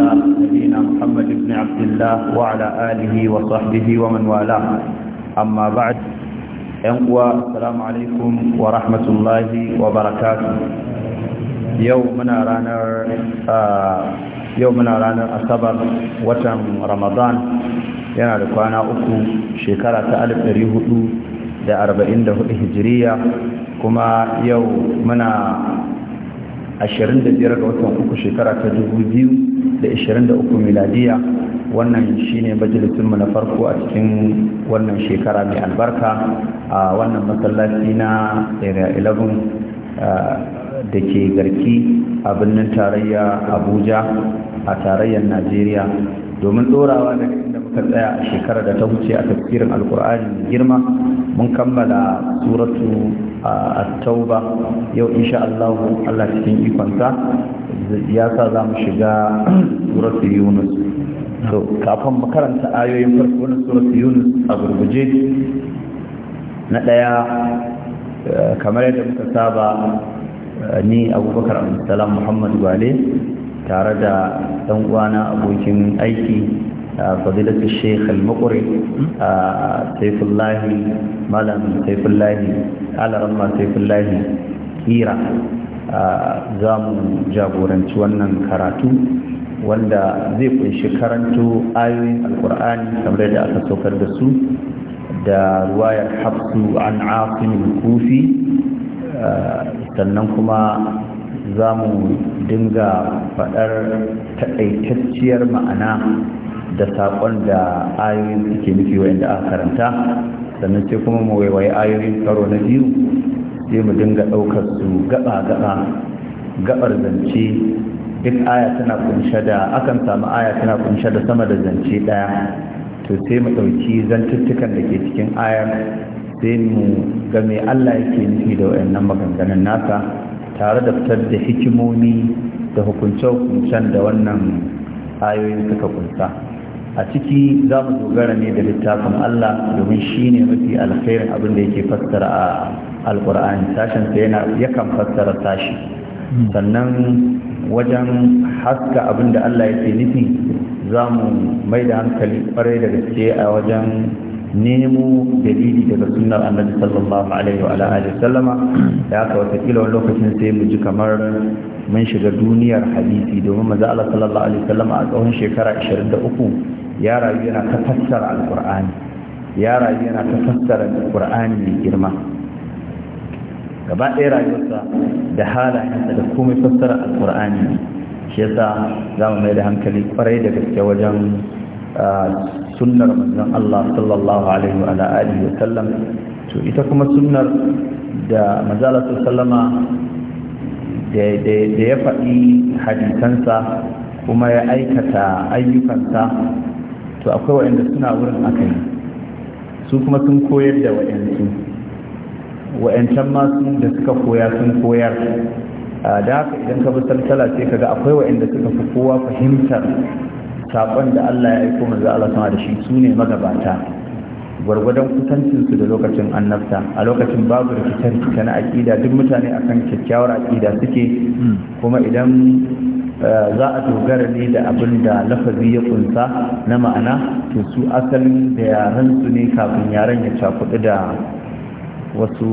الله نبينا محمد بن عبد الله وعلى آله وصحبه ومن والاه أما بعد أنقوى السلام عليكم ورحمة الله وبركاته يومنا رانا آه يومنا رانا أصبر وتم رمضان yana da kwana uku shekara ta alif ɗari hudu da arba'in da hudu hijiriya kuma yau muna ashirin da biyar ga watan uku shekara ta dubu biyu 2023 miladiya wannan shine mu na farko a cikin wannan shekara mai albarka a wannan masallaci na area 11 da ke garki a birnin tarayya abuja a tarayyar najeriya domin tsorawa da muka tsaya a shekarar da ta wuce a tafsirin alkur'ani girma mun kammala suratu a tauba yau insha Allah Allah cikin ikonsa ya sa za mu shiga suratu yunus so kafin makaranta ayoyin farko na suratu yunus a gurguje na ɗaya eh, kamar yadda muka saba eh, ni abubakar abdulsalam muhammad wale tare da ɗan uwana abokin aiki فضيلة الشيخ المقري سيف الله مالم سيف الله على رمى سيف الله كيرا زام جابورن تونن كراتو wanda zai kunshi karanto ayoyin Alƙur'ani, kamar da aka saukar da su da ruwayar hafsu an asim kufi sannan kuma za mu dinga faɗar taƙaitacciyar ma'ana da saƙon da ayoyin suke nufi wa'inda aka karanta sannan sai kuma mu waiwaye ayoyin karo na biyu sai mu dinga ɗaukar su gaba-gaba gabar zance duk aya tana kunshe da akan samu aya tana kunshe da sama da zance ɗaya to sai mu ɗauki zantuttukan da ke cikin ayar sai mu ga me Allah yake nufi da wayannan maganganun nasa tare da fitar da hikimomi da hukunce-hukuncen da wannan ayoyin suka kunsa. a ciki za mu dogara ne da littafin Allah domin shi ne mafi alkhairin abin da yake fassara a alkur'ani sashen sa yana yakan fassara sashi sannan wajen haska abin da Allah yake nufi za mu mai da hankali kwarai da gaske a wajen nemo dalili daga sunnar annabi sallallahu alaihi wa alihi sallama da aka watakila wani lokacin sai mu ji kamar mun shiga duniyar hadisi domin maza Allah sallallahu alaihi sallama a tsawon shekara 23 ya rayu yana ta fassara alkur'ani ya rayu yana ta fassara alkur'ani mai girma gaba ɗaya rayuwarsa da halayensa da komai fassara alkur'ani ne shi yasa za mu mai da hankali kwarai da gaske wajen sunnar manzon Allah sallallahu alaihi wa alihi wa sallam to ita kuma sunnar da manzala sallama da ya faɗi hadisansa kuma ya aikata ayyukansa to akwai waɗanda suna wurin aka yi su kuma sun koyar da waɗansu waɗancan masu da suka koya sun koyar a da haka idan ka bi salsala sai kaga akwai waɗanda suka fi kowa fahimtar saƙon da Allah ya aiko manzo Allah sama da shi su ne magabata gwargwadon kusancinsu da lokacin annabta a lokacin babu rikice-rikice na aƙida duk mutane akan kyakkyawar aƙida suke hmm. kuma idan za a dogara ne da abin da lafazi ya kunsa na ma'ana to su asalin da yaren su ne kafin yaren ya cakudu da wasu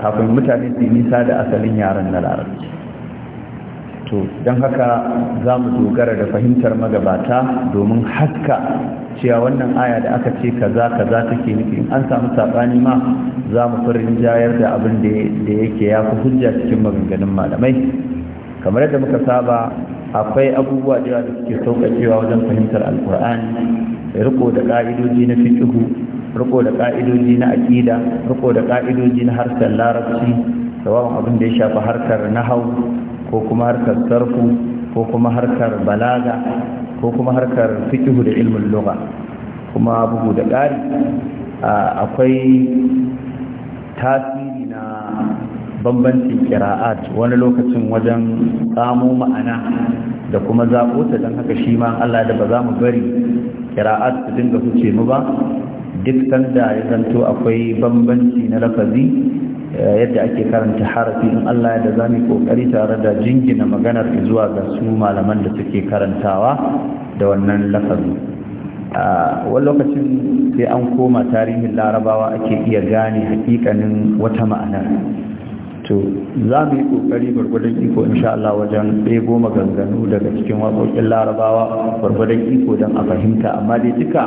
kafin mutane su nisa da asalin yaren na larabci to don haka za mu dogara da fahimtar magabata domin haska cewa wannan aya da aka ce kaza kaza take nufi in an samu saɓani ma za mu farin jayar da abin da yake ya fi hujja cikin maganganun malamai kamar yadda muka saba akwai abubuwa da da suke sauƙaƙewa wajen fahimtar alƙur'ani riko da ƙa'idoji na fiƙihu, riko da ƙa'idoji na aƙida riko da ƙa'idoji na harkar larabci sababin abin da ya shafi harkar nahau ko kuma harkar sarfu ko kuma harkar balaga ko kuma harkar fikihu da ilmin lugha kuma bugu da ƙari akwai tasi. bambancin kira'at wani lokacin wajen samu ma'ana da kuma zaɓo ta don haka shi ma Allah da ba za mu bari kira'at su dinga huce mu ba duk sanda ya zanto akwai bambanci na lafazi eh, yadda ake karanta harafi in Allah ya da za mu kokari tare da jingina maganar zuwa ga su malaman da suke karantawa da wannan lafazi wani lokacin sai an koma tarihin larabawa ake iya gane hakikanin wata ma'anar to za mu yi kokari gwargwadon iko insha Allah wajen ɗebo maganganu daga cikin waƙoƙin larabawa gwargwadon iko don a fahimta amma dai duka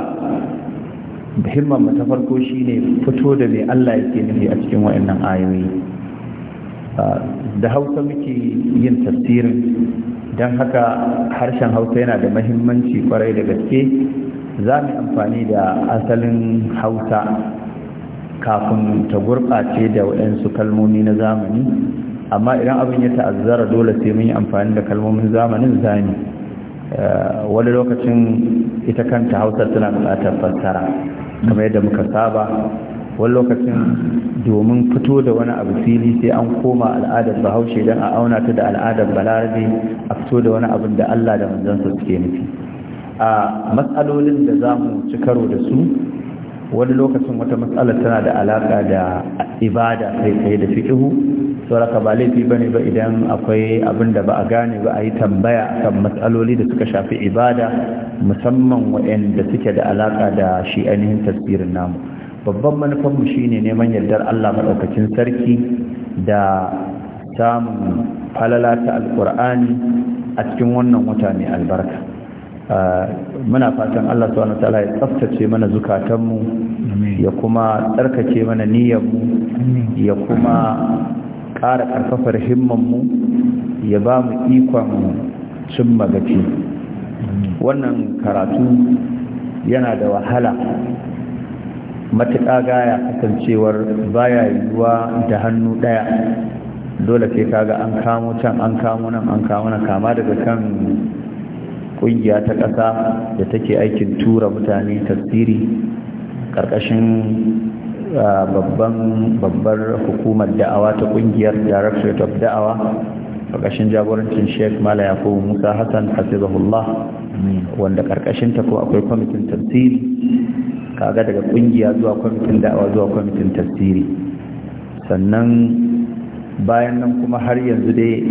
muhimman mu ta farko shine fito da mai Allah yake nufi a cikin wa'annan ayoyi da hausa muke yin tafsirin don haka harshen hausa yana da mahimmanci kwarai da gaske za mu amfani da asalin hausa kafin ta gurɓace da waɗansu kalmomi na zamani amma idan abin ya ta'azzara dole sai mun yi amfani da kalmomin zamanin zani eh, wani lokacin ita kanta hausa tana buƙatar fassara kamar yadda muka saba wani lokacin domin fito da wani abu fili sai an koma al'adar bahaushe don a auna ta da al'adar balarabe a fito da wani abin da allah da manzansa suke nufi a ah, matsalolin da za mu ci karo da su wani lokacin wata matsalar tana da alaka da ibada kai kai da fiqhu saboda ba laifi ne ba idan akwai abin da ba a gane ba a yi tambaya kan matsaloli da suka shafi ibada musamman waɗanda suke da alaka da shi ainihin tasbirin namu babban manufar mu shine neman yardar Allah maɗaukacin sarki da samun falala ta Alƙur'ani a cikin wannan wata mai albarka muna fatan Allah subhanahu ta'ala ya tsaftace mana zukatanmu ya kuma tsarkake mana niyyarmu ya kuma ƙara ƙarfafar himmanmu ya ba mu ikon cimma magaci wannan karatu yana da wahala matuƙa gaya kasancewar baya yiwuwa da hannu ɗaya dole sai kaga an kamo can an kamo nan an kamo nan kama daga kan Ƙungiya ta ƙasa da take aikin tura mutane tasiri ƙarƙashin babban babbar hukumar da'awa ta ƙungiyar directorate of da'awa ƙarƙashin jagorancin sheik mala fi musa hassan hasibahullah wanda ƙarƙashin ta ko akwai kwamitin tasiri kaga daga ƙungiya zuwa kwamitin da'awa zuwa kwamitin tasiri sannan bayan nan kuma har yanzu dai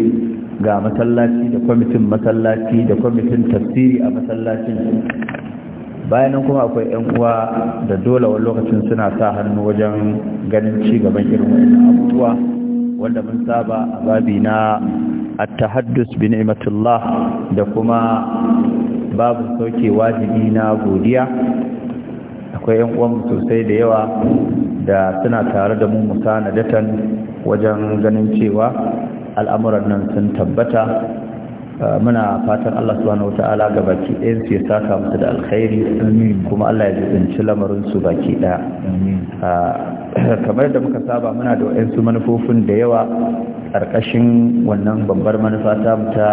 ga masallaci da kwamitin masallaci da kwamitin tafsiri a masallacin bayan nan kuma akwai 'yan uwa da dole wani lokacin suna sa hannu wajen ganin ci gaban irin wannan abubuwa wanda mun saba a babi na at-tahaddus bi ni'matillah da kuma babu sauke wajibi na godiya akwai 'yan uwan sosai da yawa da suna tare da mu musanadatan wajen ganin cewa al'amuran nan sun tabbata uh, muna fatan Allah subhanahu ta’ala ga baki ɗayan su ya saka musu da alkhairi kuma Allah ya jibanci lamarin su baki ɗaya uh, kamar da muka saba muna da wayansu manufofin da yawa ƙarƙashin wannan babbar manufa ta ta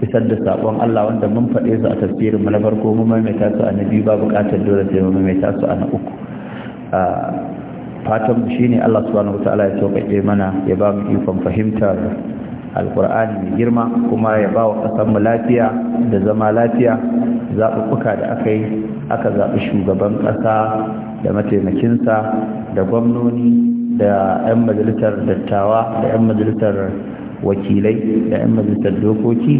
isar da saƙon Allah wanda mun faɗe su a tafsirin mu na farko mun maimaita su a na biyu ba buƙatar dole sai mun maimaita su a na uku uh, fatan shine Allah subhanahu wataala ya sauƙaƙe mana ya ba mu ikon fahimtar alkur'ani mai girma kuma ya ba wa mu lafiya da zama lafiya zaɓuɓɓuka da aka yi aka zaɓi shugaban ƙasa da mataimakinsa da gwamnoni da 'yan majalisar dattawa da 'yan majalisar wakilai da 'yan majalisar dokoki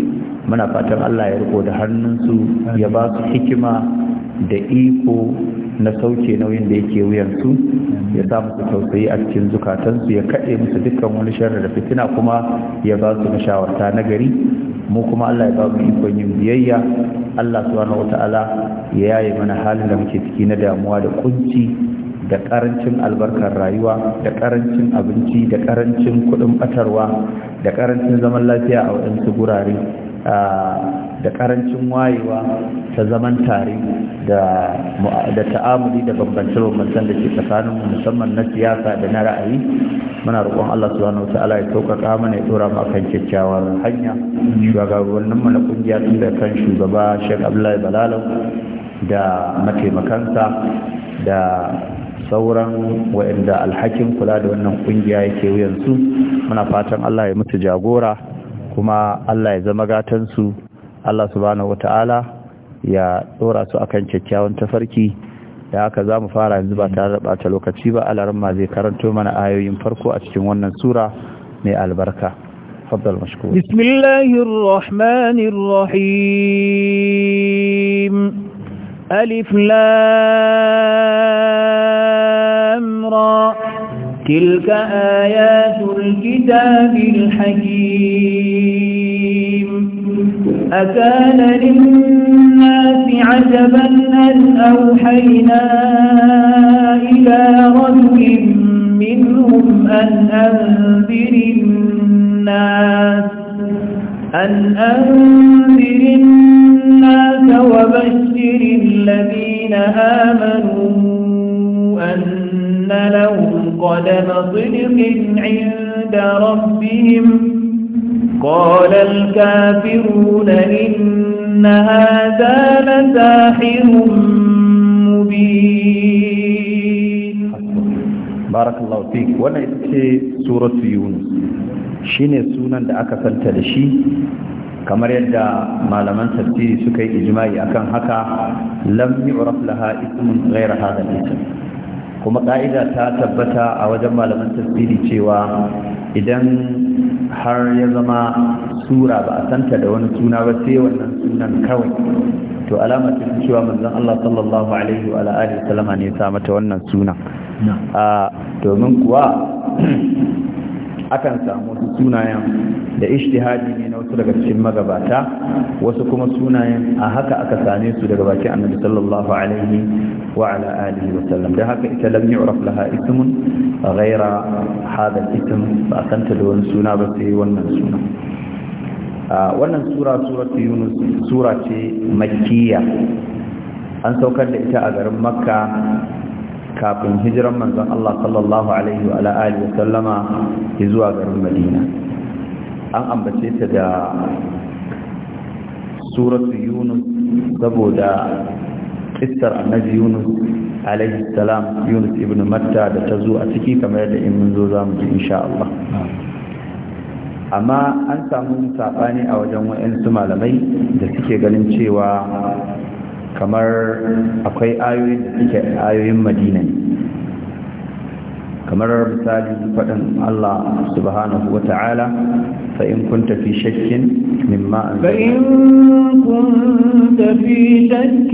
muna fatan allah ya riko da hannunsu ya ba su hikima da iko na sauke nauyin da yake wuyansu ya sa musu tausayi a cikin zukatansu ya kaɗe musu dukkan wani sharri da fitina kuma ya ba su mashawarta na gari mu kuma Allah ya ba mu ikon yin biyayya Allah subhanahu wata'ala ya yaye mana halin da muke ciki na damuwa da kunci da karancin albarkar rayuwa da karancin abinci da karancin kuɗin batarwa da karancin zaman lafiya a waɗansu gurare da karancin wayewa ta zaman tare da ta'amuli da bambance-bambancen da ke tsakanin musamman na siyasa da na ra'ayi muna roƙon Allah subhanahu wata'ala ya sauƙaƙa mana ya dora mu kan kyakkyawar hanya shugabannin mu na kungiya tun da kan shugaba Sheikh Abdullahi Balalau da mataimakansa da sauran waɗanda alhakin kula da wannan kungiya yake wuyansu muna fatan Allah ya mutu jagora kuma Allah ya zama gatansu Allah subhanahu wata'ala ya dora su akan kyakkyawan tafarki da haka za mu fara yanzu ba tare da bata lokaci ba alaran ma zai karanto mana ayoyin farko a cikin wannan sura mai albarka faddal mashkur bismillahir rahmanir rahim alif lam ra تلك آيات الكتاب الحكيم أكان للناس عجبا أن أوحينا إلى رجل منهم أن أنذر الناس أن أنذر الناس وبشر الذين آمنوا أن لهم قدم صدق عند ربهم قال الكافرون إن هذا لساحر مبين بارك الله فيك وانا اتكي سورة يونس shine sunan da aka santa da shi kamar yadda malaman tafsiri suka yi ijma'i akan haka lam yu'raf laha ismun ghayra hadha al-ism kuma ƙa'ida ta tabbata a wajen malaman tasiri cewa idan har ya zama sura ba a santa da wani suna ba sai wannan sunan kawai to alama ta fi cewa manzon Allah sallallahu alaihi wa alihi sallama ne ya sa mata wannan sunan ah, domin kuwa akan samu sunayen da ishtihadi ne na wasu daga cikin magabata wasu kuma sunayen a haka aka same su daga bakin annabi sallallahu alaihi wa ala alihi wa sallam da haka ita lam yu'raf laha ismun ghaira hadha al-ism ba santa da wani suna ba sai wannan suna wannan sura suratu yunus sura ce makkiya an saukar da ita a garin makka kafin hijiran manzon Allah sallallahu alaihi wa alihi wa sallama zuwa garin madina an ambace ta da suratu yunus saboda kistar annabi yunus alaihi salam yunus ibn matta da ta zo a ciki kamar yadda in mun zo za mu ji insha Allah amma an samu saɓani a wajen wa'yansu malamai da suke ganin cewa kamar akwai ayoyin da suke ayoyin madina ne kamar misali faɗin Allah subhanahu wa ta'ala fa in kunta fi shakkin مما فإن كنت في شك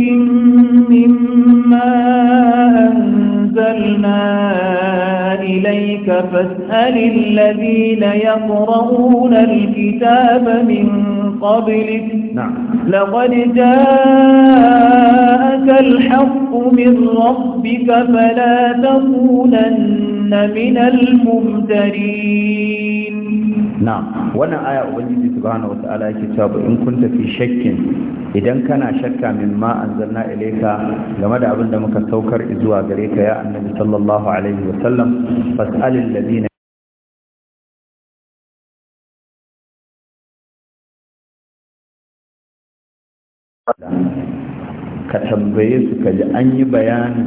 مما أنزلنا إليك فاسأل الذين يقرؤون الكتاب من قبلك نعم. لقد جاءك الحق من ربك فلا تكونن من الممترين na'am wannan aya ubangiji subhanahu wata'ala yake cewa ba in kun tafi shakkin idan kana shakka min ma anzalna ilayka game da abin da muka saukar zuwa gare ka ya annabi sallallahu alaihi wa sallam fas'alil ladina ka tambaye su ka ji an yi bayanin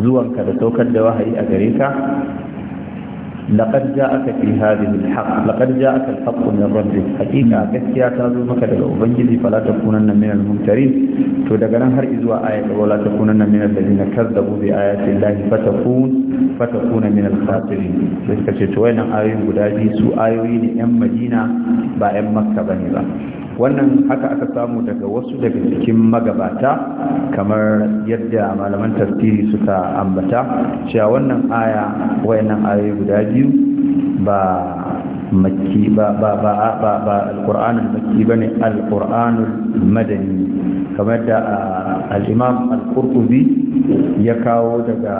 zuwanka da saukar da wahayi a gare ka لقد جاءك في هذه الحق لقد جاءك الحق من ربك حقيقة كثيرا تازو مكة الأوبنجلي فلا تكونن من الممترين تدقنا هر إزواء آية ولا تكونن من الذين كذبوا بآيات الله فتكون فتكون من الخاسرين لذلك تتوين آيوين قداجي سو آيوين أم مدينة با أم مكة بني wannan haka aka samu daga wasu daga cikin magabata kamar yadda malaman tafsiri suka ambata cewa wannan aya wayannan ayoyi guda biyu ba makki ba ba ba ba ba makki bane alqur'anul madani kamar da al-imam ya kawo daga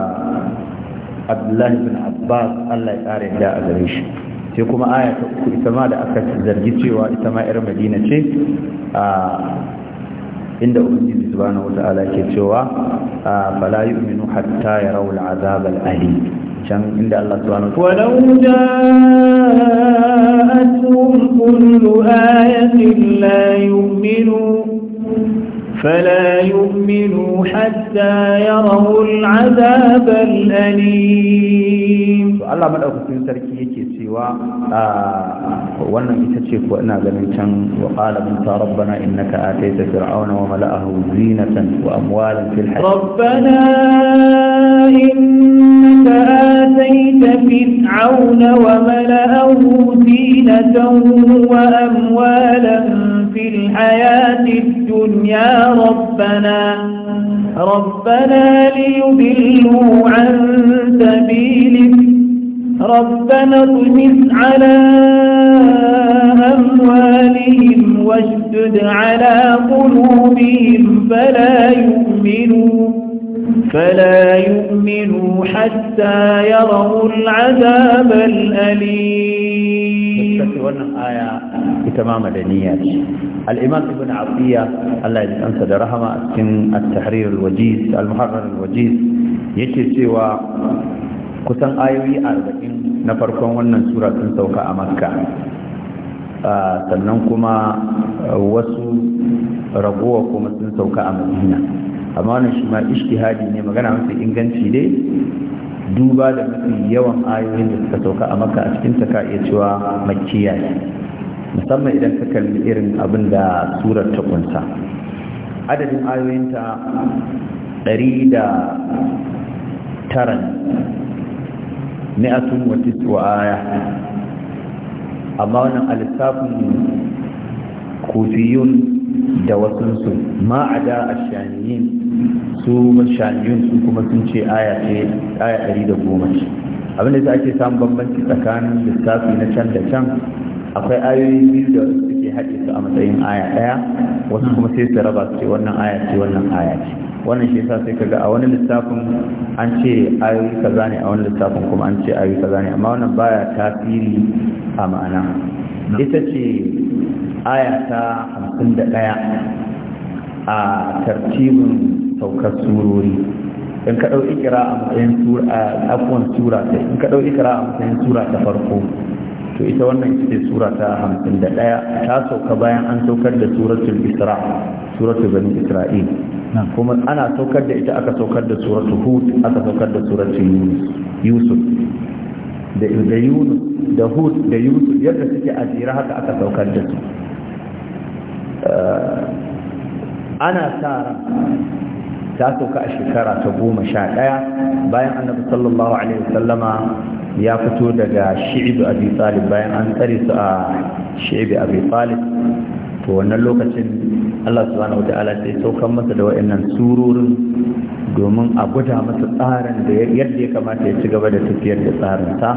abdullahi bin abbas Allah ya kare da a gare shi sai kuma aya ta uku ita ma da aka zargi cewa ita ma yar madina ce a inda ubangiji subhanahu wata'ala ke cewa fala yu'minu hatta yarawu al'azab al'ali can inda Allah subhanahu wa ta'ala walau ja'atuhum kullu ayatin la yu'minu فلا يؤمنوا حتى يروا العذاب الأليم الله مدعوك في سركي cewa a wannan ita ce ko ina ganin can wa qala min rabbana innaka ataita fir'auna wa mala'ahu zinatan wa amwalan fil hayat rabbana innaka ataita fir'auna wa mala'ahu zinatan wa amwalan fil hayati dunya rabbana rabbana liyudillu عن سبيلك ربنا اطمس على أموالهم واشدد على قلوبهم فلا يؤمنوا فلا يؤمنوا حتى يروا العذاب الأليم آية تمام النيات الإمام ابن عطية الله يجزيه ده رحمه أسكن التحرير الوجيز المحرر الوجيز يكي سوى kusan ayoyi arba'in na farkon wannan sura sun sauka a makka ah, sannan kuma ah, wasu ragowa kuma sun sauka a madina amma wannan shi ma hadi ne magana mafi inganci dai duba da mafi yawan ayoyin da suka sauka a makka a cikin ta iya cewa makkiya ne musamman idan ka kalli irin abin da surar ta kunsa adadin ayoyinta ɗari da taran mi'atun wa tis'u aya amma wannan alisafin kufiyun da wasansu, ma a da ashaniyin su mashaniyun su kuma sun ce aya ce aya 110 abinda ake samun bambanci tsakanin lissafi na can da can akwai ayoyi biyu da suke haɗe su a matsayin aya ɗaya wasu kuma sai su raba su ce wannan aya ce wannan aya ce wannan shi yasa sai kaga a wani lissafin an ce ayoyi kaza ne a wani lissafin kuma an ce ayoyi kaza ne amma wannan baya tasiri a ma'ana ita ce aya ta 51 a tartibin saukar surori in ka dau ikira a matsayin afuwan sura ta in ka dau ikira a matsayin sura ta farko to ita wannan ita sura ta hamsin da ɗaya ta sauka bayan an saukar da suratul isra suratul bani isra'il kuma ana saukar da ita aka saukar da suratu hud aka saukar da suratu yusuf da yunus da hud da yusuf yadda suke a jira haka aka saukar da su eh, ana tsara ta sauka a shekara ta goma sha ɗaya bayan annabi sallallahu alaihi wasallama ya fito daga shi'idu abi talib bayan an tsare su a shi'idu abi talib to wannan lokacin Allah subhanahu wa ta'ala sai saukan masa da wa'annan surorin domin a gwada masa tsarin da yadda ya kamata ya ci gaba da tafiyar da tsarin sa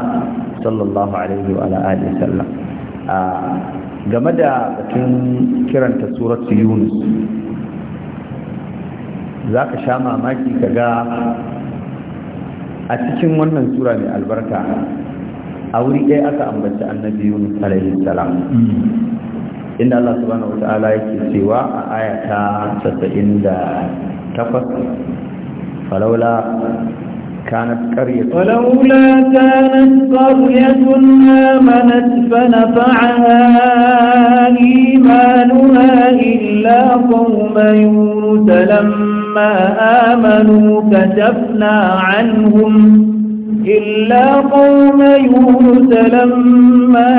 sallallahu alaihi wa ala sallam a game da batun kiranta suratu yunus za ka sha mamaki ka ga a cikin wannan sura mai albarka a wuri ɗaya aka ambaci annabi yunus alaihi salam mm. إن الله سبحانه وتعالى سواء آية ستئن دا تفت فلولا كانت قرية ولولا كانت قرية آمنت فنفعها إيمانها إلا قوم يونس لما آمنوا كتفنا عنهم إلا قوم يونس لما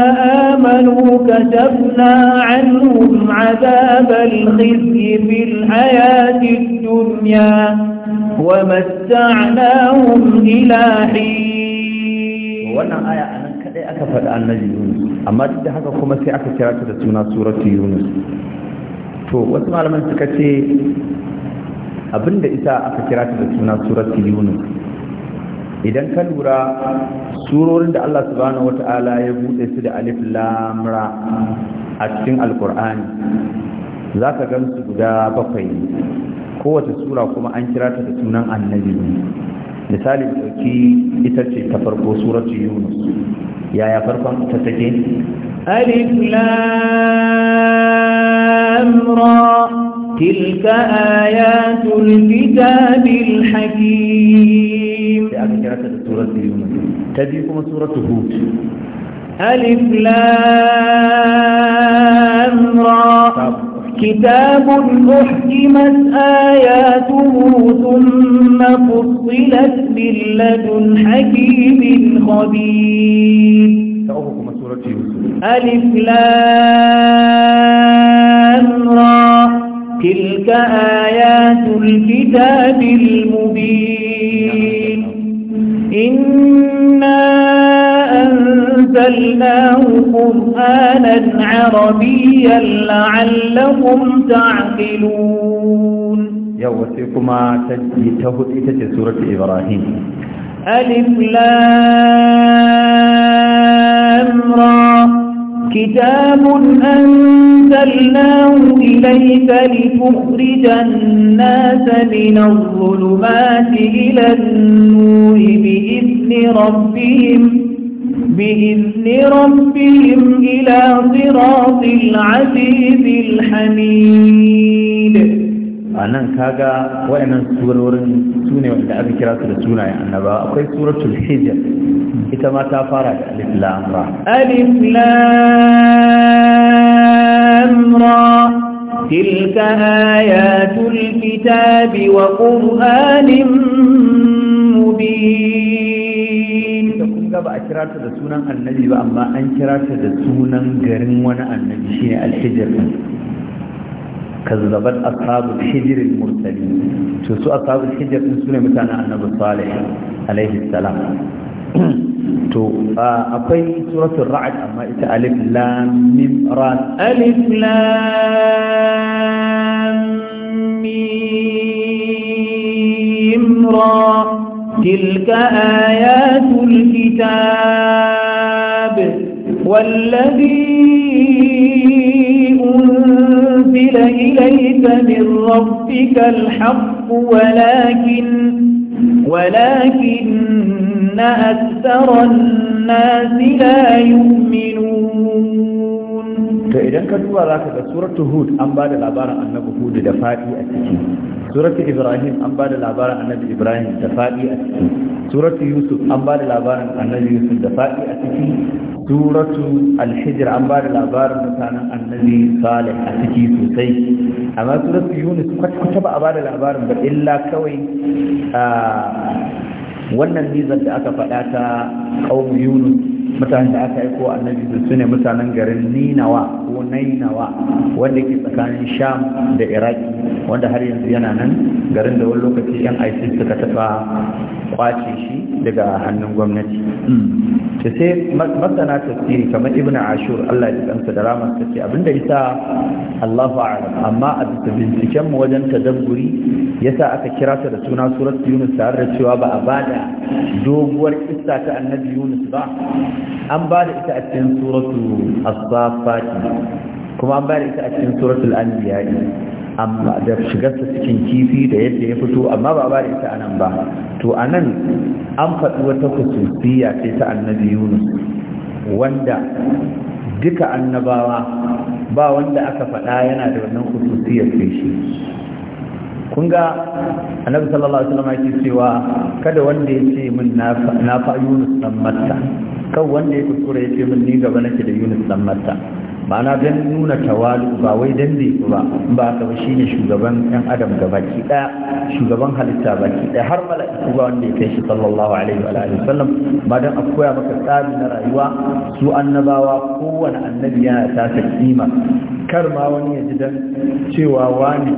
آمنوا كتبنا عنهم عذاب الخزي في الحياة الدنيا ومتعناهم إلى حين وانا آية أنا كده أكفت عن نجي يونس أما جدا حقا كما سيأكا كراكة تسمنا سورة يونس to واسمع لما suka ce abinda ita aka kira ta da suna idan ka lura surorin da Allah subhanahu wata'ala ya buɗe su da alif lam ra a cikin alkur'ani za ka gamsu guda bakwai kowace sura kuma an kira ta da sunan annabi misali ɗauki ita ce ta farko suratu yunus yaya farkon ta take alif lam ra tilka ayatul kitabil hakim الرجيم سورة تديكم سورة هود ألف لام را كتاب أحكمت آياته ثم فصلت من لدن حكيم خبير ألف لام را تلك آيات الكتاب المبين أنزلناه قرآنا عربيا لعلكم تعقلون يوسيكما تجيته إتت سورة إبراهيم ألف لامرى كتاب أنزلناه إليك لتخرج الناس من الظلمات إلى النور بإذن ربهم بإذن ربهم إلى صراط العزيز الحميد anan kaga wayannan surorin sune wanda aka kira su da sunaye annaba akwai suratul hijr ita ma ta fara da alif lam ra alif lam ra tilka ayatul kitabi wa qur'anin mubin ita ba a kira ta da sunan annabi ba amma an kira ta da sunan garin wani annabi shi shine alhijir kazzabat ashabul hijr al-mursalin to su ashabul hijr din sune mutanen annabi salih alaihi salam to akwai suratul ra'd amma ita alif lam mim ra alif lam mim ra تلك آيات الكتاب والذي أنزل إليك من ربك الحق ولكن ولكن أكثر الناس لا يؤمنون to idan ka duba za ka ga suratu hud an ba da labarin annabi hud da fadi a ciki suratu ibrahim an ba da labarin annabi ibrahim da fadi a ciki suratu yusuf an ba da labarin annabi yusuf da fadi a ciki suratu alhijir an ba da labarin mutanen annabi salih a ciki sosai amma suratu yunus kwata-kwata ba a ba da labarin ba illa kawai ah, wannan nizar da aka faɗa ta ƙaunar yunus mutanen da aka aiko annabi su ne mutanen garin ninawa ko nainawa wanda ke tsakanin sham da iraki wanda har yanzu yana nan garin da wani lokaci yan isis suka tafa kwace shi daga hannun gwamnati ta sai masana tafsiri kamar ibn ashur allah ya kansa da ramar ta ce abinda isa allahu a'lam amma a bisa binciken mu wajen tadabburi sa aka kira ta da suna surat yunus tare da cewa ba a bada doguwar kista ta annabi yunus ba an ba da ita a cikin suratu as kuma an ba da ita a cikin suratul anbiyai amma da shigar ta cikin kifi da yadda ya fito amma ba ba da ita anan ba to anan an faɗi wata kusurfiya ce ta annabi yunus wanda duka annabawa ba wanda aka faɗa yana da wannan kusurfiyar sai shi kun ga annabi sallallahu alaihi wasallam yake cewa kada wanda ya ce min na fa Yunus dan Matta kan wanda ya kuskure ya ce min ni gaba nake da Yunus dan Matta ma'ana dan nuna tawali ba wai dan ne ba ba ka shi ne shugaban ɗan adam ga baki ɗaya shugaban halitta baki ɗaya har mala'iku ba wanda ya kai shi sallallahu alaihi wa alihi sallam ba dan a koya maka tsari na rayuwa su annabawa kowane annabi yana tasa kima kar ma wani ya ji dan cewa wani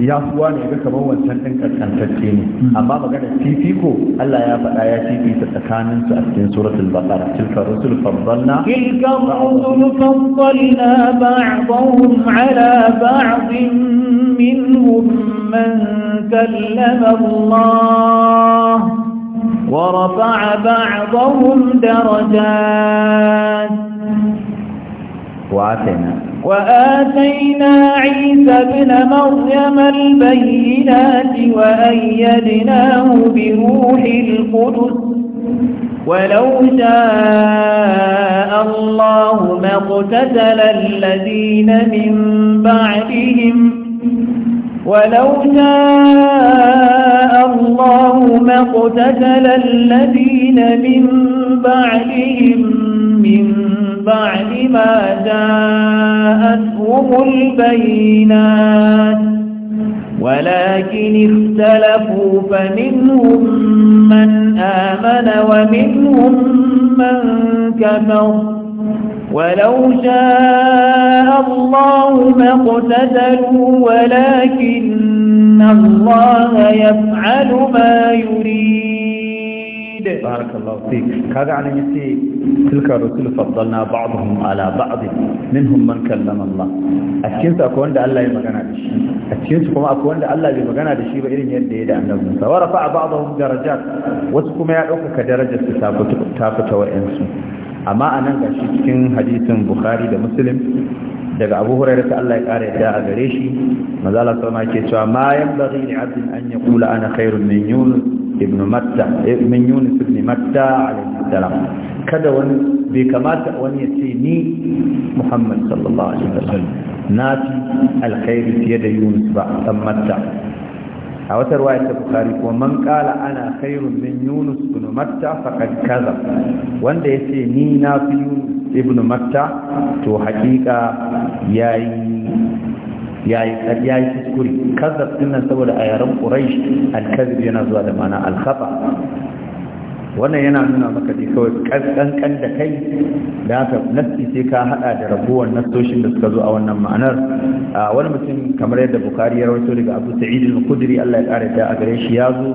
ya suwa ne ga kamar wancan ɗin ƙarƙantacce ne amma magana fifiko Allah ya faɗa ya fifita tsakanin su a cikin suratul baqara tilka rusul faddalna tilka rusul faddalna ba'dhum ala ba'dhin minhum man kallama Allah ورفع بعضهم درجات وعافينا وآتينا عيسى ابن مريم البينات وأيدناه بروح القدس ولو شاء الله ما اقتتل الذين من بعدهم ولو شاء الله ما اقتتل الذين من بعدهم من بعد ما جاءتهم البينات ولكن اختلفوا فمنهم من آمن ومنهم من كفر ولو شاء الله ما اقتتلوا ولكن الله يفعل ما يريد da barakallahu fi kaga anan yace tilka ala ba'd minhum man kallama Allah a cikin su akwai wanda Allah ya magana da shi bai magana da ba irin yadda ya da annabi Musa ba'dhum darajat wasu kuma ya dauka darajar su ta fita ta fita wa'ansu amma anan gashi cikin hadisin Bukhari da Muslim daga abu hurairar ta Allah ya kare yadda a gare shi mazala sama ke cewa ma yan bari ne abin an ya kula ana khairun min yunus ibn matta eh, min yunus ibn matta alaihi salam kada wani bai kamata wani ya ce ni muhammad sallallahu alaihi wasallam na fi alkhairi fiye da yunus ba dan matta a wata ruwaya ta bukari ko man kala ana khairun min yunus ibn matta faqad kaza wanda ya ce ni na fi yunus ibn matta to hakika yayi ya yi ƙarya yi kazzab din nan saboda a yaren quraish al yana zuwa da mana alkafa wannan yana nuna maka ne kawai kankan da kai da haka nassi sai ka hada da rabuwar nasoshin da suka zo a wannan ma'anar wani mutum kamar yadda bukari ya rawaito daga abu sa'id al-khudri Allah ya kare da a gare shi ya zo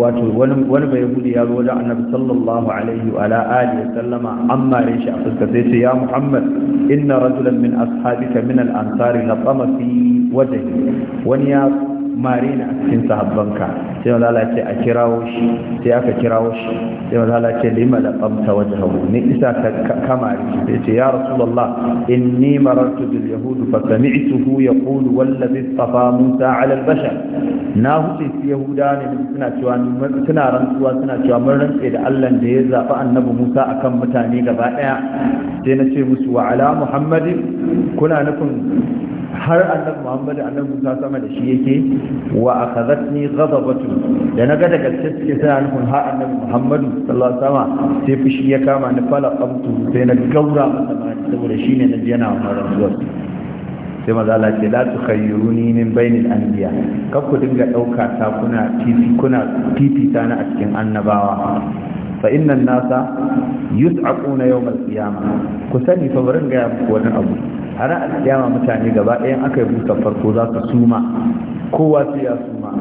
wato wani bai yahudi ya zo wajen annabi sallallahu alaihi wa ala alihi sallama amma ran shi a fuska sai ce ya muhammad inna rajulan min ashabika min al-ansari laqama fi wajhi wani ya Marina ni a cikin sahabbanka sai manzo Allah ce a kirawo shi sai aka kirawo shi sai manzo Allah ce lima laqamta wajhahu ni isa ka kamari sai ce ya In ni marartu bil yahud fa sami'tuhu yaqulu wallazi istafa musa ala al bashar na huce su yahuda ne suna cewa suna rantsuwa suna cewa mun rantse da Allah da ya zaba annabi musa akan mutane gaba daya sai na ce musu wa ala muhammadin kuna nufin har annabi Muhammadin annabi musa sama da shi yake wa akhadhatni ghadabatu da na ga daga cikin suna nufin ha annabi muhammadu sallallahu alaihi sai fushi ya kama ni fala qamtu sai na gaura masa mani saboda shine na ji yana wannan zuwa sai maza Allah ce la tu khayyiruni min bainil anbiya kar ku dinga ɗauka ta kuna titi kuna titi ta na a cikin annabawa fa innan nasa yus'aquna yawmal qiyamah ku sani fa barin ga wani abu har a kiyama mutane gaba ɗayan aka yi busa farko za su suma kowa su ya suma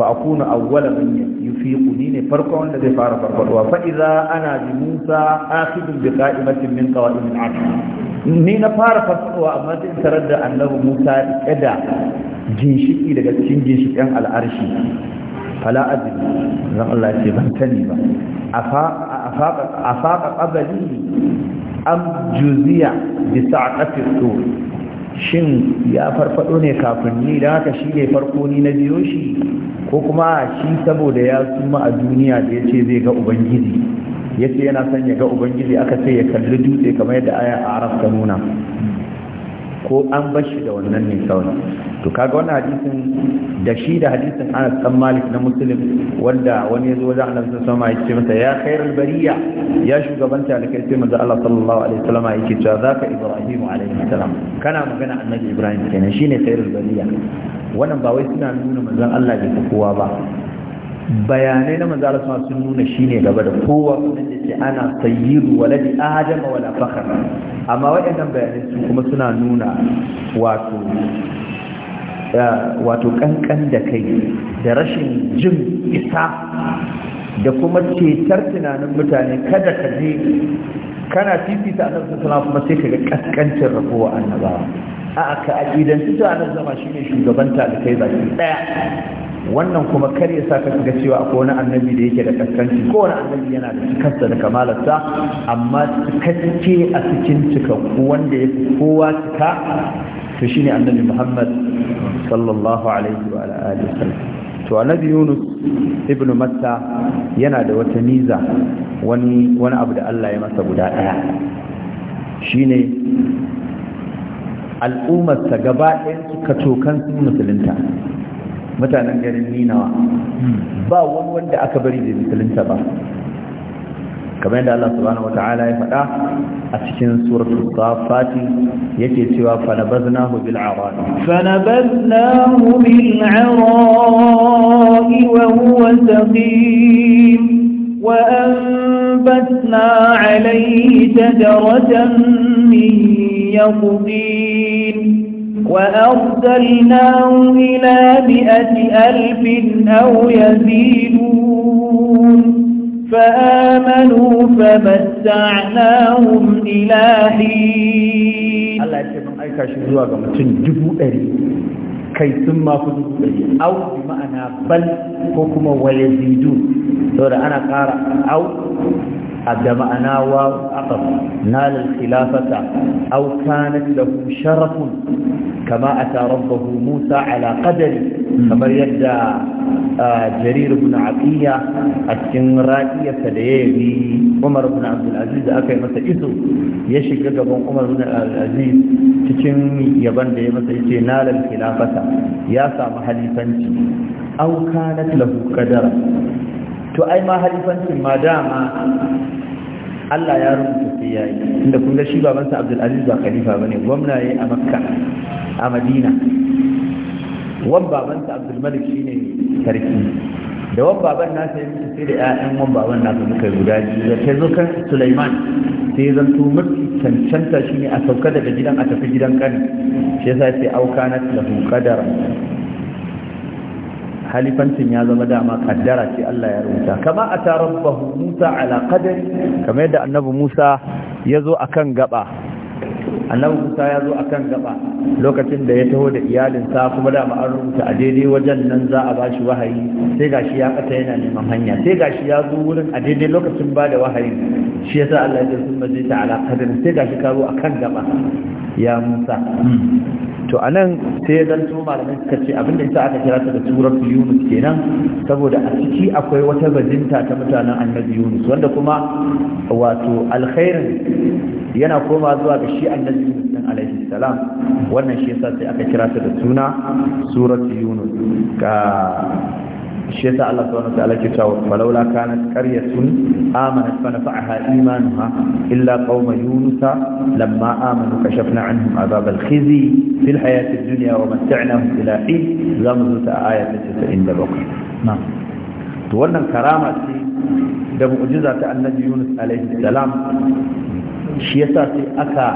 fa akunu awwala man yufiqu ni ne farko wanda zai fara farfadowa fa idza ana bi musa akhidun bi qa'imatin min qawa'id al-'arsh ni na fara farfadowa amma sai tarar da annabi musa ya da ginshiki daga cikin ginshikin al'arshi fala adri zan Allah ce ban sani ba a faƙa ƙabali am juziya bi shin ya farfado ne kafin ni da haka shi ne farko ni na biyo shi ko kuma shi saboda ya suma a duniya da ya ce zai ga ubangiji ya ce yana son ya ga ubangiji aka ce ya kalli dutse kamar yadda aya a arab ta nuna ko an bashi da wannan ne kawai to kaga wannan hadisin da shi da hadisin Anas dan Malik na Muslim wanda wani yazo wajen Annabi sallallahu alaihi wasallam ya ce masa ya khairul bariya ya shugaban talakai sai manzo Allah sallallahu alaihi wasallam yake cewa zaka Ibrahim alaihi salam kana magana Annabi Ibrahim kenan shine khairul bariya wannan ba wai suna nuna manzon Allah bai kowa ba bayanai na manzo Allah sun nuna ne gaba da kowa kuma da ce ana sayyidu ladi adama wala fakhar amma waɗannan bayanai su kuma suna nuna wato wato kankan da kai da rashin jin isa da kuma cetar tunanin mutane kada ka je kana fifita annabi sallallahu alaihi wasallam kuma sai kaga kaskancin rabuwa annabawa a'a ka su ta zama shine ne shugabanta da kai baki daya wannan kuma kar ya sa ka ga cewa akwai wani annabi da yake da kaskanci ko wani annabi yana da cikarsa da kamalarsa amma cikakke a cikin cikakku wanda ya fi kowa cika to shine annabi Muhammad sallallahu alaihi wa alihi wasallam to annabi Yunus ibn Matta yana da wata niza wani wani abu da Allah ya masa guda daya shine al'ummarsa gaba ɗayan su katokan musulunta mutanen garin ninawa ba wani wanda aka bari da musulunta ba kamar yadda Allah subhanahu wata'ala ya faɗa a cikin suratul safati yake cewa fanabaznahu bil arad fanabaznahu bil arad wa huwa saqim wa anbatna alayhi tadratan min yaqdin وأرسلناه إلى مئة ألف أو يزيدون فآمنوا فمتعناهم إلى حين الله يتبعون أي كاشي زواج متن جبو أري كي ثم فدو أري أو بمعنى بل حكم ويزيدون دور أنا قارأ أو da ma'ana wa aqaf nal al khilafata aw kanat lahu sharaf kama ata rabbahu Musa ala kamar yadda jarir ibn aqiya a cikin raqiyarsa da yayi Umar ibn Abdul Aziz da aka masa iso ya shiga gaban Umar ibn Abdul cikin yaban da ya masa yace nal khilafata ya samu halifanci aw kanat lahu qadara to ai ma halifancin ma dama Allah ya rubuta sai ya yi inda kun ga shi babansa Abdulaziz ba khalifa bane gwamna a Makka a Madina wan babansa Abdulmalik shine sarki da wan baban nasa ya mutu sai da ƴaƴan wan baban nasa muka guda biyu da kai zo Sulaiman sai zan to mutu cancanta shine a sauka daga gidan a tafi gidan kan shi yasa sai auka na lahu qadara halifancin ya zama dama kaddara ce Allah ya rubuta kama a bahu Musa ala kadari kamar yadda annabi Musa ya zo a kan gaba annabi musa ya zo a kan gaba lokacin da ya taho da iyalinsa kuma da ma'an rubuta a daidai wajen nan za a bashi wahayi sai gashi ya kata yana neman hanya sai gashi ya zo wurin a daidai lokacin ba da wahayi shi ya sa Allah ya sun maje ta ala kadarin sai gashi ka zo kan gaba ya musa to a nan sai ya zanto malamai suka ce abin abinda yasa aka kira ta da surar yunus kenan saboda a ciki akwai wata bazinta ta mutanen annabi yunus wanda kuma wato alkhairin yana koma zuwa ga shi annabi Yunus din alaihi salam wannan shi yasa sai aka kira ta da suna suratu Yunus ka shi yasa Allah subhanahu wa ta'ala ke cewa falawla kanat qaryatun amanat fa nafa'aha imanuha illa qauma yunus lamma amanu kashafna anhum adhab al-khizi fil hayati ad-dunya wa mata'nahum ila hin zamu ta ayat 97 na'am to wannan karama ce da mu'jiza ta annabi Yunus alaihi salam shi yasa sai aka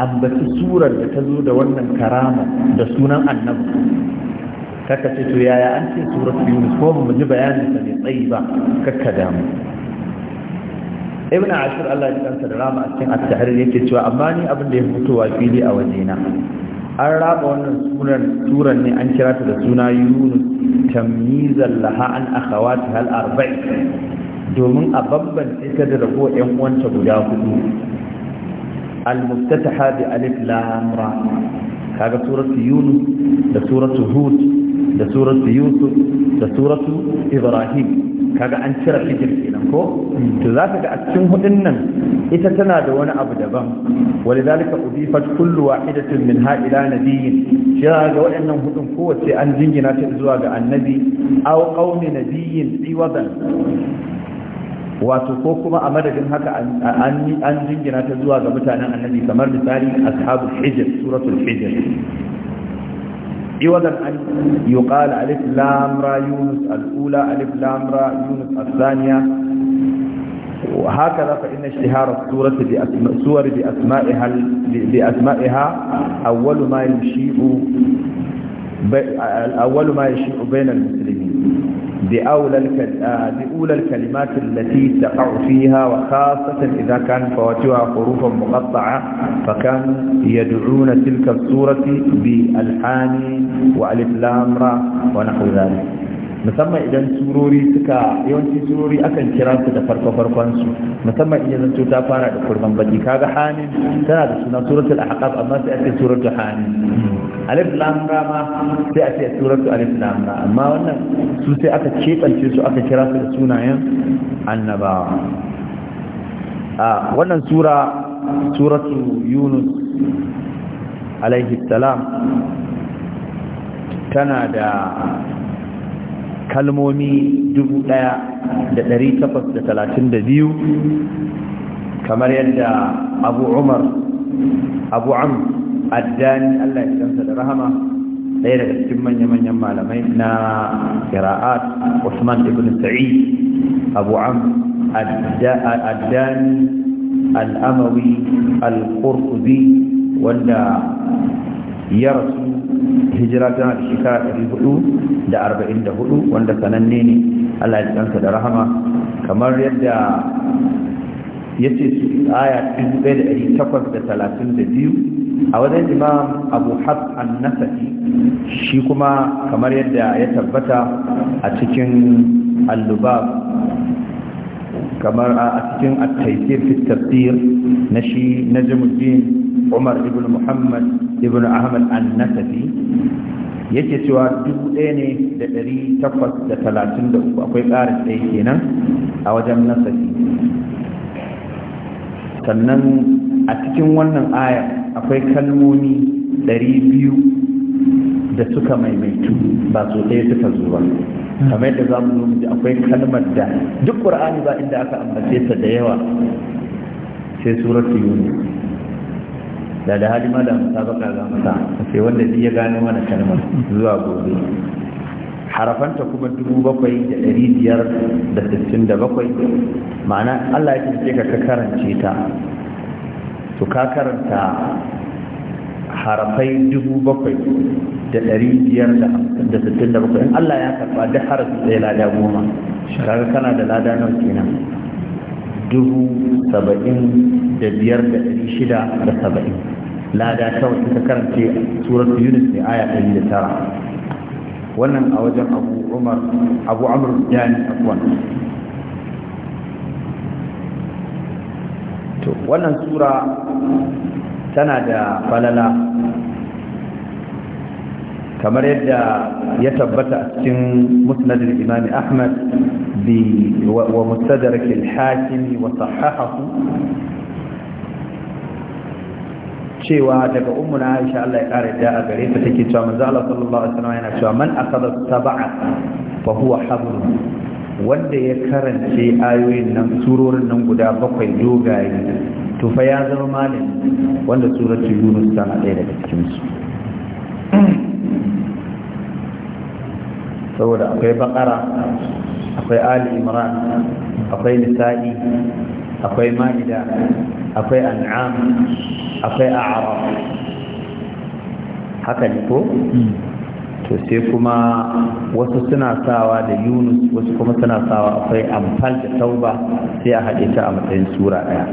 ambaci surar da ta zo da wannan karama da sunan annabi kaka ce to yaya an ce surat yunus ko mu ji bayanin ta mai tsayi ba kakka damu ibn ashir Allah ya kansa da rama a cikin at-tahrir yake cewa amma ni abin da ya wa fili a wajena an raba wannan sunan suran ne an kira ta da suna yunus tamyizan laha an akhawati hal arba'i domin a bambance ta da rago yan uwanta guda hudu المفتتحة بألف لام را كاغا سورة يونس ده سورة هود ده سورة يوسف ده سورة إبراهيم كاغا أن شرع فجر كو تذاك أتشم هدنن إذا تنادى وانا أبدا ولذلك أضيفت كل واحدة منها إلى نبي شراء وإنه هدن قوة أن جنجنا تأزواج النبي أو قوم نبي في وضع wato ko kuma a madadin haka an jingina ta zuwa ga mutanen annabi kamar misali ashabul hijr suratul hijr iwadan an yuqal alif lam ra yunus al-ula alif lam ra yunus al-thaniya وهكذا فإن اشتهار السورة بأسماء سور بأسمائها بأسمائها أول ما يشيء أول ما يشيع بين المسلمين بأولى آه، بأولى الكلمات التي تقع فيها وخاصة إذا كان فواتها حروف مقطعة فكانوا يدعون تلك الصورة بألحان وألف ونحو ذلك musamman idan surori suka yawanci surori akan kira su da farko farkon su musamman idan zanto ta fara da kurban baki kaga hanin tana da sunan suratul ahqaf amma sai a ce suratul hanin alif lam ra ma sai a ce suratul alif lam ra amma wannan su sai aka kebance su aka kira su da sunayen annabawa a wannan sura suratu yunus alaihi salam tana da kalmomi dubu ɗaya da takwas da talatin da biyu kamar yadda abu umar abu am addani allah ya kansa da rahama ɗaya daga cikin manya-manyan malamai na kira'at usman ibn sa'id abu am addani al'amawi al-qurtubi wanda ya rasu hijira ta shekara ɗari da arba'in da wanda sananne ne Allah ya tsanta da rahama kamar yadda ya ce su aya 1832 ɗaya da ɗari takwas da talatin da biyu a wajen imam abu haf an nasafi shi kuma kamar yadda ya tabbata a cikin allubab kamar a cikin at-taysir fi na shi umar ibn muhammad ibn ahmad annasafi yake cewa dubu ɗaya ne da ɗari takwas da talatin da uku akwai ƙarin ɗaya kenan a wajen nasafi sannan a cikin wannan aya akwai kalmomi ɗari biyu da suka maimaitu ba su ɗaya suka zo ba kamar yadda za mu zo akwai kalmar da duk ƙur'ani ba inda aka ambace ta da yawa sai suratu yunus da da hali ma da musabaka ga masa sai wanda duk ya gano mana kalmar zuwa gobe harafanta kuma dubu bakwai da ɗari biyar da sittin da bakwai ma'ana Allah ya tafi ka ka karance ta to ka karanta harafai dubu bakwai da ɗari biyar da sittin da bakwai in Allah ya karɓa duk harafin zai lada goma kaga kana da lada nan kenan dubu saba'in da biyar da ɗari shida da saba'in lada kawai suka karance surar yunus ne aya ɗari da tara wannan a wajen abu umar abu amur jani afwan to wannan sura tana da falala kamar yadda ya tabbata a cikin musnadul imam ahmad bi wa mustadrak al-hakim wa sahahahu cewa daga ummu na Aisha Allah ya kare da a gare ta take cewa manzo Allah sallallahu alaihi wasallam yana cewa man akada sab'a fa huwa wanda ya karance ayoyin nan surorin nan guda bakwai dogaye to fa ya zama malami wanda suratul Yunus tana ɗaya daga cikin su saboda akwai bakara akwai ali imran akwai nisa'i akwai ma'ida akwai an'am akwai a'ara haka ne ko hmm. to sai kuma wasu suna sawa da yunus wasu kuma suna sawa akwai amfal da tauba sai a haɗe ta a matsayin sura ɗaya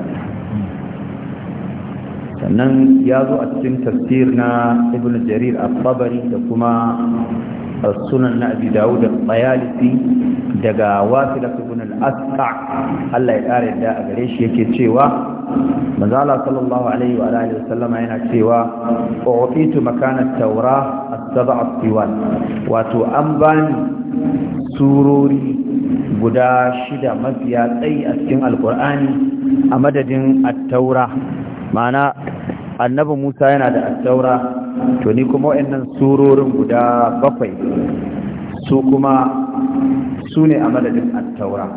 sannan ya zo a cikin tafsir na ibn jarir al-tabari da kuma sunan na abi dawud da daga wasila ibn al-asqa Allah ya kare da a gare shi yake cewa manzo Allah sallallahu alaihi wa alihi wasallama yana cewa u'titu makana taura as-sab'a at wato an bani surori guda shida mafiya tsayi a cikin alkur'ani a madadin at-taura ma'ana annabi Musa yana da at-taura to ni kuma wa'annan surorin guda bakwai su kuma su ne a madadin attaura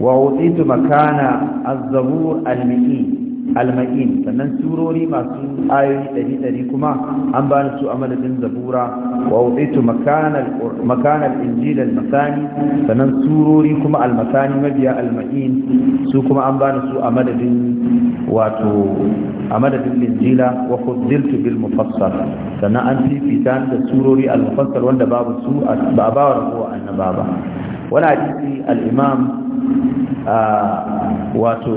wa tu makana azzabur almi'i Alma'in sannan surori masu ayoyi ɗari ɗari kuma an ba su a madadin zabura wa wuɗaitu makanar injil almasani sannan surori kuma almasani mabiya alma'in su kuma an ba su a madadin wato a madadin linjila wa fuddiltu bil mufassal sannan an fifita da surori al wanda babu su ba ba wa ba wani hadisi al-imam wato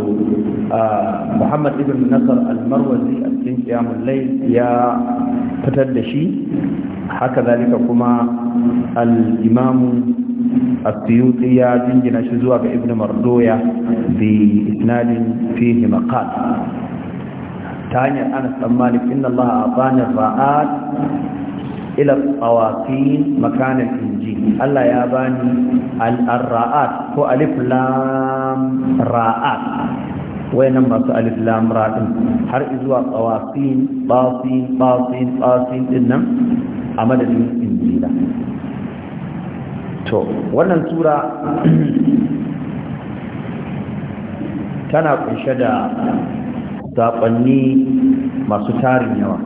muhammad ibn nasar almarwazi a cikin kiyamun lai ya fitar da shi haka zalika kuma al'imamu asiyuti ya jingina shi zuwa ga ibn mardoya bi isnadin fihi maqal ta hanyar anas dan malik inna allaha atani ra'at ila tsawafin makanan inji Allah ya bani al-ra'at ko alif lam ra'at wayannan masu alif lam ra'in har zuwa tsawafin tsafin tsafin tsafin din nan a madadin injila to wannan sura tana kunshe da Zaɓanni masu tarin yawa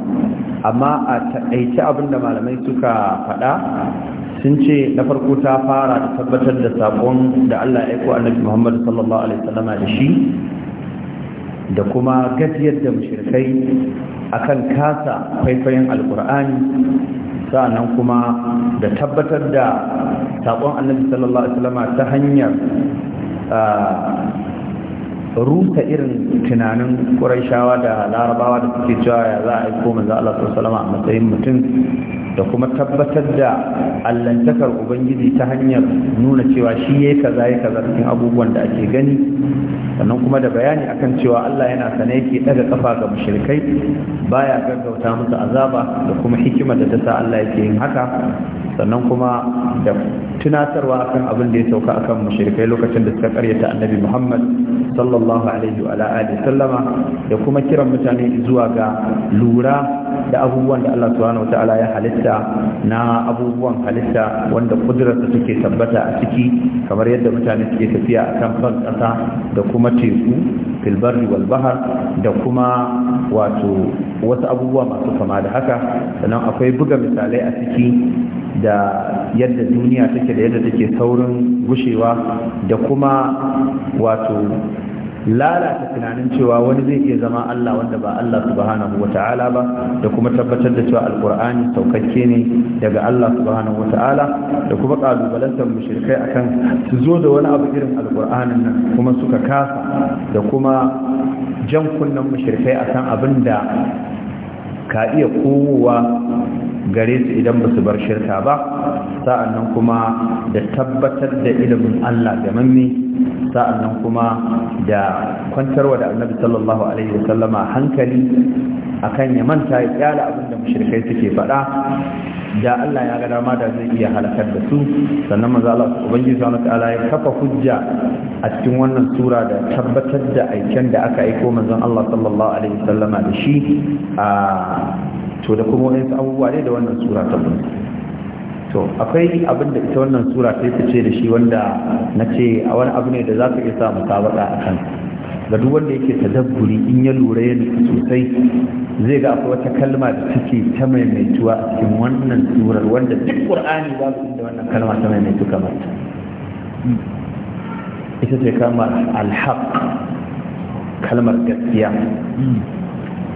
amma a taƙaice abinda malamai suka faɗa sun ce na farko ta fara da tabbatar da saƙon da allah ya aiko annabi muhammad sallallahu alaihi wasallama da shi da kuma gajiyar da a akan kasa faifayen alkur'ani sa'annan kuma da tabbatar da saƙon annabi sallallahu alaihi wasallama ta hanyar ah, rusa irin tunanin ƙurashawa da larabawa da suke cewa ya za a yi ko za Allah sallallahu a matsayin mutum da kuma tabbatar da allantakar ubangiji ta hanyar nuna cewa shi yayi kaza ya kaza cikin abubuwan da ake gani sannan kuma da bayani akan cewa Allah yana sane yake daga kafa ga mushrikai baya gaggauta musu azaba da kuma hikima da ta sa Allah yake yin haka sannan kuma da tunatarwa akan abin da ya sauka akan mushrikai lokacin da suka karyata annabi Muhammad sallallahu sallallahu alaihi wa alihi sallama da kuma kiran mutane zuwa ga lura da abubuwan da Allah subhanahu wa ta'ala ya halitta na abubuwan halitta wanda kudurarsa take tabbata a ciki kamar yadda mutane suke tafiya a kan ban ƙasa da kuma teku filbarri wal bahar da kuma wato wasu abubuwa masu kama da haka sannan akwai buga misalai a ciki da yadda duniya take da yadda take saurin gushewa da kuma wato lalata tunanin cewa wani zai iya zama Allah wanda ba Allah subhanahu wata'ala ba da kuma tabbatar da cewa alkur'ani saukakke ne daga Allah subhanahu wata'ala da kuma kalubalantar mushrikai akan su zo da wani abu irin alkur'anin nan kuma suka kasa da kuma jan kunnen mushrikai akan abin da ka iya kowa gare su idan ba su bar shirka ba sa'annan kuma da tabbatar da ilimin Allah da mamme sa'annan kuma da kwantarwa da annabi sallallahu alaihi wasallama hankali akan ya manta ya kyala abin da mushrikai suke faɗa da Allah ya ga dama da zai iya halakar da su sannan maza Allah ubangiji subhanahu ta'ala ya kafa hujja a cikin wannan tura da tabbatar da aiken da aka aiko manzon Allah sallallahu alaihi wasallama da shi a to da kuma wani abubuwa ne da wannan sura ta bunta to akwai abin da ita wannan sura ta fice da shi wanda na ce a wani abu ne da za ka iya sa musabaka a kan ga duk wanda yake dabburi in ya lura ya sosai zai ga akwai wata kalma da take ta maimaituwa a cikin wannan surar wanda duk qur'ani babu da wannan kalma ta maimaitu kamar ta ita ce kalmar alhaq kalmar gaskiya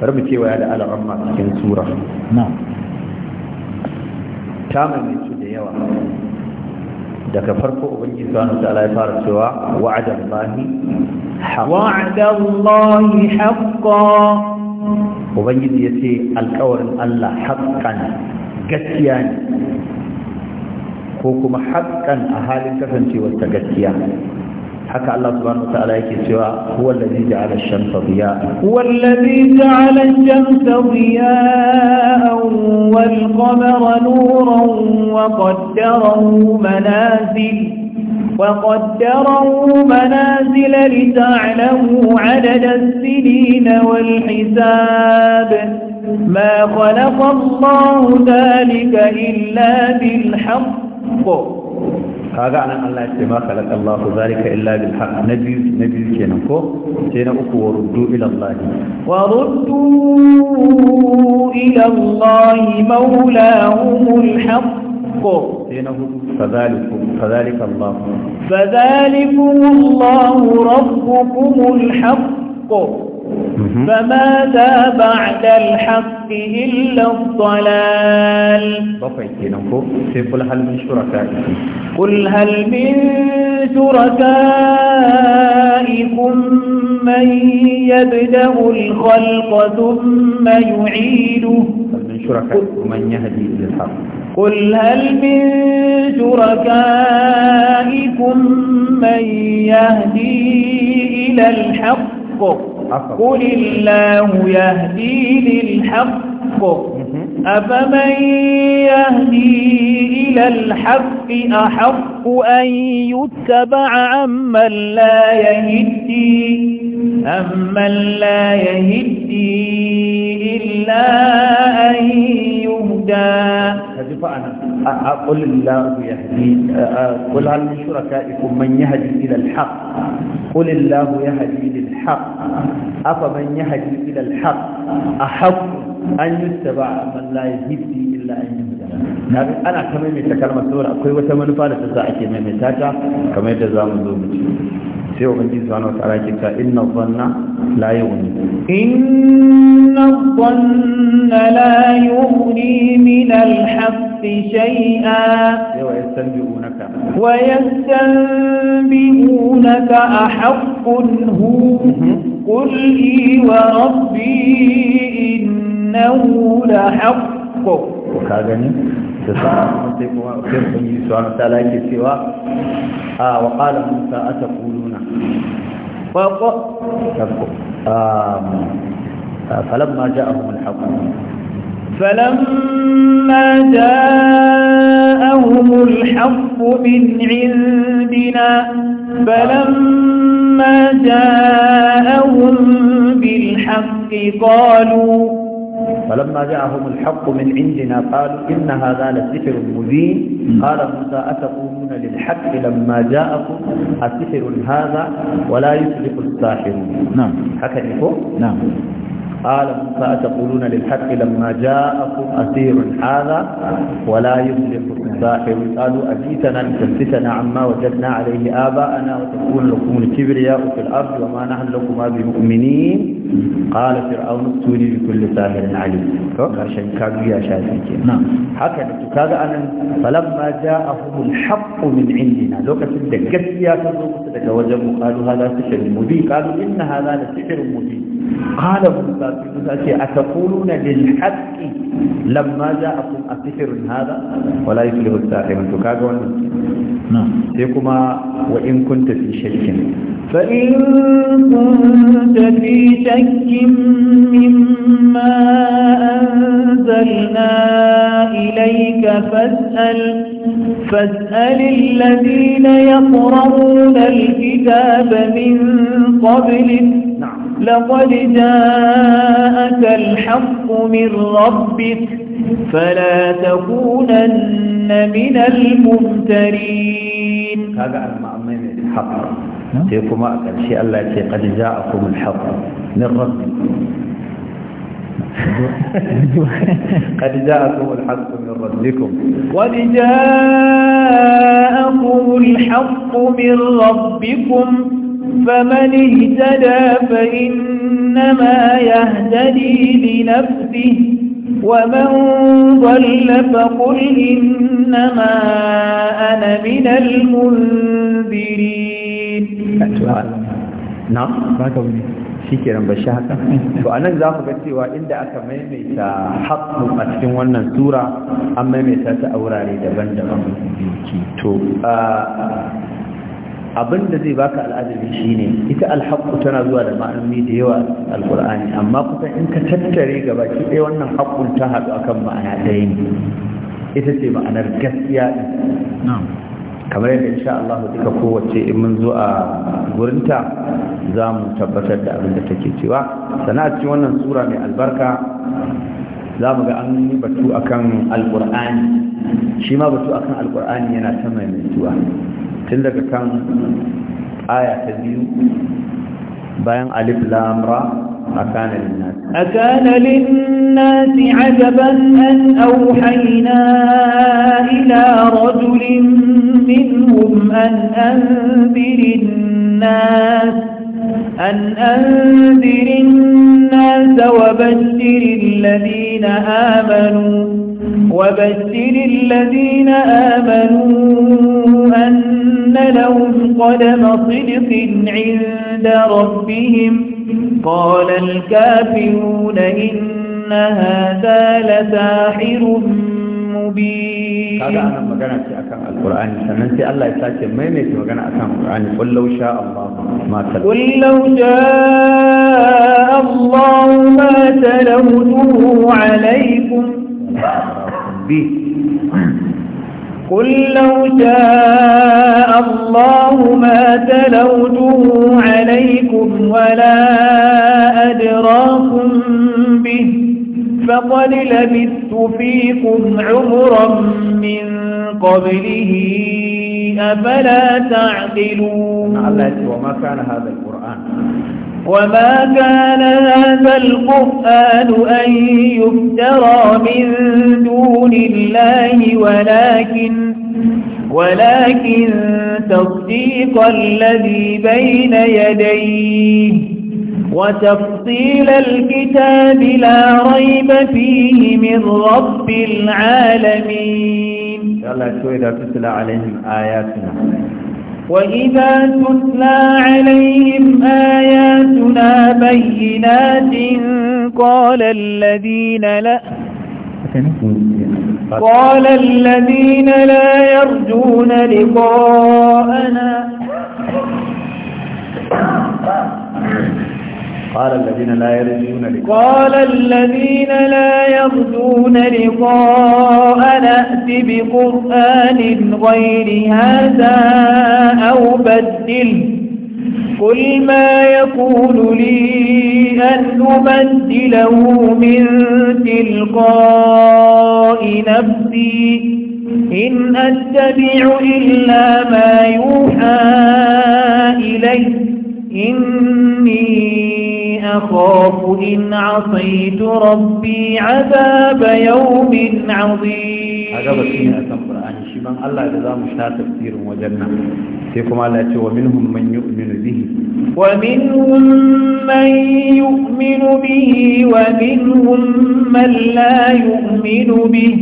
bari mu cewa da al'amma cikin sura ta maimaito da yawa daga farko ubangiji subhanahu ta'ala ya fara cewa wa'adar Allahi wa'ada Allahi ubangiji yace alƙawarin Allah haqqan gaskiya ne ko kuma haqqan a halin kasancewar ta gaskiya حكى الله سبحانه وتعالى سواء هو الذي جعل الشمس ضياء هو الذي جعل الشمس ضياء والقمر نورا وقدره منازل وقدره منازل لتعلموا عدد السنين والحساب ما خلق الله ذلك إلا بالحق kaga Allah ya ce ma khalaqa Allahu zalika illa bil haqq nabi nabi kenan ko sai na uku waruddu ila Allah wa ruddu ila Allah mawlahumul haqq sai na hudu fadhalikum fadhalika Allah fadhalikum Allah rabbukumul haq فماذا بعد الحق إلا الضلال قل هل من شركائكم قل هل من شركائكم من يبدأ الخلق ثم يعيده هل من شركائكم من يهدي إلى الحق قل هل من شركائكم من يهدي إلى الحق قل الله يهدي للحق أفمن يهدي إلى الحق أحق أن يتبع أمن لا يهدي أمن لا يهدي إلا أن يهدى ka ji fa'a nan a ƙulin lahu ya haji ƙul man ya haji ilal haq ƙulin lahu ya haq afa man a an man la illa an ana ta kalmar akwai wata manufa da ta sa ake kamar yadda mu zo mu ci sai ubangiji inna dhanna la yughni inna dhanna la yughni min النفس شيئا ويستنبئونك ويستنبئونك أحق هو قل لي وربي إنه لحق وكذا سبحانه سبحانه وتعالى سوى وقال موسى أتقولون آه، فلما جاءهم الحق فلما جاءهم الحق من عندنا فلما جاءهم بالحق قالوا فلما جاءهم الحق من عندنا قالوا إن هذا لسحر مبين قال موسى أتقومون للحق لما جاءكم السحر هذا ولا يفلح الساحرون نعم حكى نعم قال موسى أتقولون للحق لما جاءكم أسير هذا ولا يفلح الساحر قالوا أجيتنا لتلفتنا عما وجدنا عليه آباءنا وتكون لكم الكبرياء في الأرض وما نحن لكما بمؤمنين قال فرعون ائتوني بكل ساحر عليم عشان كانوا يا شافيك نعم هكذا كذا أنا فلما جاءهم الحق من عندنا لو كنت يا تزوجت قالوا هذا سحر مبين قالوا إن هذا لسحر مبين قال موسى تأتي أتقولون للحق لما جاءكم أسحر هذا ولا يفلح الساحر تكاغون نعم وإن كنت في شك فإن كنت في شك مما أنزلنا إليك فاسأل فاسأل الذين يقرؤون الكتاب من قبلك نعم لقد جاءك الحق من ربك فلا تكونن من الممترين هذا المعمين الحق سيكون أكل شيء الله يقول قد جاءكم الحق من ربكم قد جاءكم الحق من ربكم قد جاءكم الحق من ربكم فمن اهتدى فإنما يهتدي لنفسه ومن ضل فقل إنما أنا من المنذرين na baka wuni shikenan ba haka to anan za ku ga cewa inda aka maimaita haqqu a cikin wannan sura an maimaita ta a wurare daban-daban to abin da zai baka al'adabi shine ita alhaqqu tana zuwa da ma'anoni da yawa alqur'ani amma kusan in ka tattare gaba ki dai wannan haqqun ta hadu akan ma'ana ɗaya ne ita ce ma'anar gaskiya na'am kamar yadda insha Allah duka kowace in mun zo a gurinta za mu tabbatar da abin da take cewa Sana'a cikin wannan sura mai albarka za mu ga an yi batu akan alqur'ani shi ma batu akan alqur'ani yana ta mai mutuwa tun daga kan aya ta biyu bayan alif lamra أكان للناس أكان للناس عجبا أن أوحينا إلى رجل منهم أن أنذر الناس أن أنذر الناس وبشر الذين آمنوا وبشر الذين آمنوا أن لهم قدم صدق عند ربهم قال الكافرون إن هذا لساحر مبين هذا أنا مجانا في أكام القرآن سننسي الله يساكي ميميت مجانا أكام القرآن قل لو شاء الله ما تلوه قل لو شاء الله ما تلوته عليكم به قل لو جاء الله ما تلوته عليكم ولا أدراكم به فقد لبثت فيكم عمرا من قبله أفلا تعقلون نعم، وما كان هذا القرآن وما كان هذا القرآن أن يفترى من دون الله ولكن ولكن تصديق الذي بين يديه وتفصيل الكتاب لا ريب فيه من رب العالمين الله سويدا تتلى عليهم آياتنا وإذا تتلى عليهم آياتنا بينات قال الذين لا قال الذين لا يرجون لقاءنا قال الذين لا يرجون لقاء قال الذين لا يرجون لقاء نأت بقرآن غير هذا أو بدل قل ما يقول لي أن أبدله من تلقاء نفسي إن أتبع إلا ما يوحى إليه إني أخاف إن عصيت ربي عذاب يوم عظيم هذا بس من أسم قرآن شبان الله إذا مشتا تفسير وجنة سيكم الله ومنهم من يؤمن به ومنهم من يؤمن به ومنهم من لا يؤمن به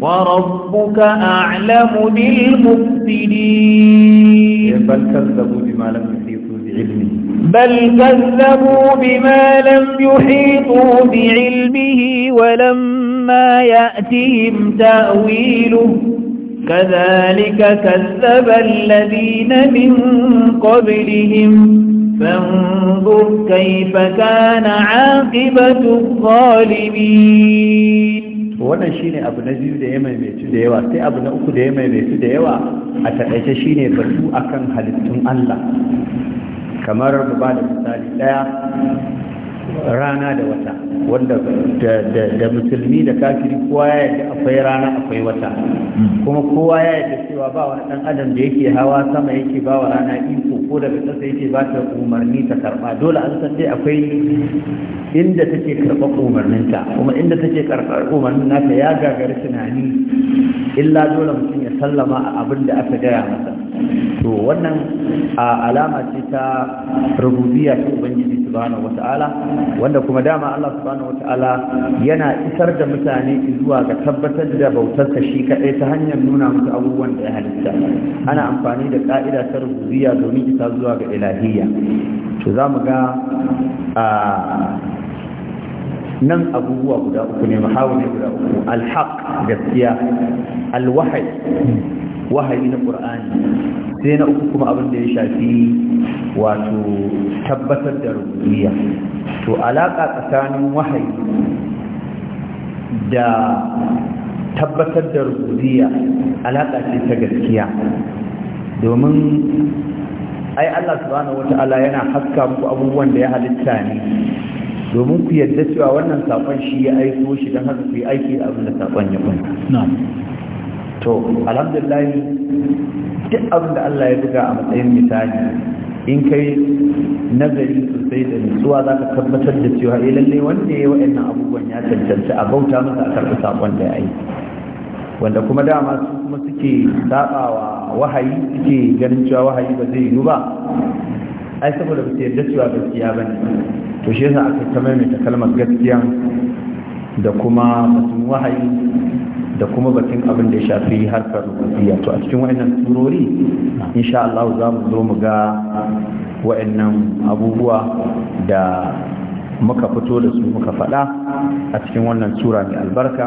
وربك أعلم بالمفسدين إيه، بل كذبوا بما لم يحيطوا بعلمه بل كذبوا بما لم يحيطوا بعلمه ولما يأتهم تأويله كذلك كذب الذين من قبلهم فانظر كيف كان عاقبة الظالمين wannan shine abu na biyu da ya maimaitu da yawa sai abu na uku da ya maimaitu da yawa a taƙaice shine batu akan halittun Allah kamar mu ba da misali ɗaya rana da wata wanda da musulmi da kafiri kowa ya yadda akwai rana akwai wata kuma kowa ya yadda cewa ba wani dan adam da yake hawa sama yake ba wa rana iko ko daga ƙasa yake ba ta umarni ta karba dole an san dai akwai inda take karɓar umarninta kuma inda take karɓar umarnin nata ya gagari tunani illa dole mutum ya sallama a abin da aka gaya masa to wannan alama ce ta rububiyya ta ubangiji subhanahu wata'ala wanda kuma dama Allah subhanahu wata'ala yana isar da mutane zuwa ga tabbatar da bautar ta shi kaɗai ta hanyar nuna musu abubuwan da ya halitta ana amfani da ƙa'ida ta rububiyya domin isa zuwa ga ilahiyya to za mu ga nan abubuwa guda uku ne mahawar guda uku alhaq gaskiya alwahai wahayi na ƙur'ani sai na uku kuma abin da ya shafi wato tabbatar da rububiyya to alaƙa tsakanin wahayi da tabbatar da rububiyya alaƙa ce ta gaskiya domin ai Allah subhanahu wata'ala yana haska muku abubuwan da ya halitta ne domin ku yarda cewa wannan sakon shi ya aiko shi don haka ku yi aiki da abin da saƙon ya kunta to alhamdulillah duk abin da Allah ya buga a matsayin misali in kai nazari sosai da nutsuwa za ka tabbatar da cewa eh lalle wanda ya wa'annan abubuwan ya cancanci a bauta masa a karɓi saƙon da ya yi wanda kuma dama su kuma suke saɓawa wahayi suke ganin cewa wahayi ba zai yiwu ba ai saboda ba su yarda cewa gaskiya ba ne to shi yasa aka ta maimaita kalmar gaskiya da kuma mutum wahayi da kuma batun abin da ya shafi harkar rububiya to a cikin wa'annan turori insha Allah za mu zo mu ga wa'annan abubuwa da muka fito da su muka faɗa a cikin wannan tura mai albarka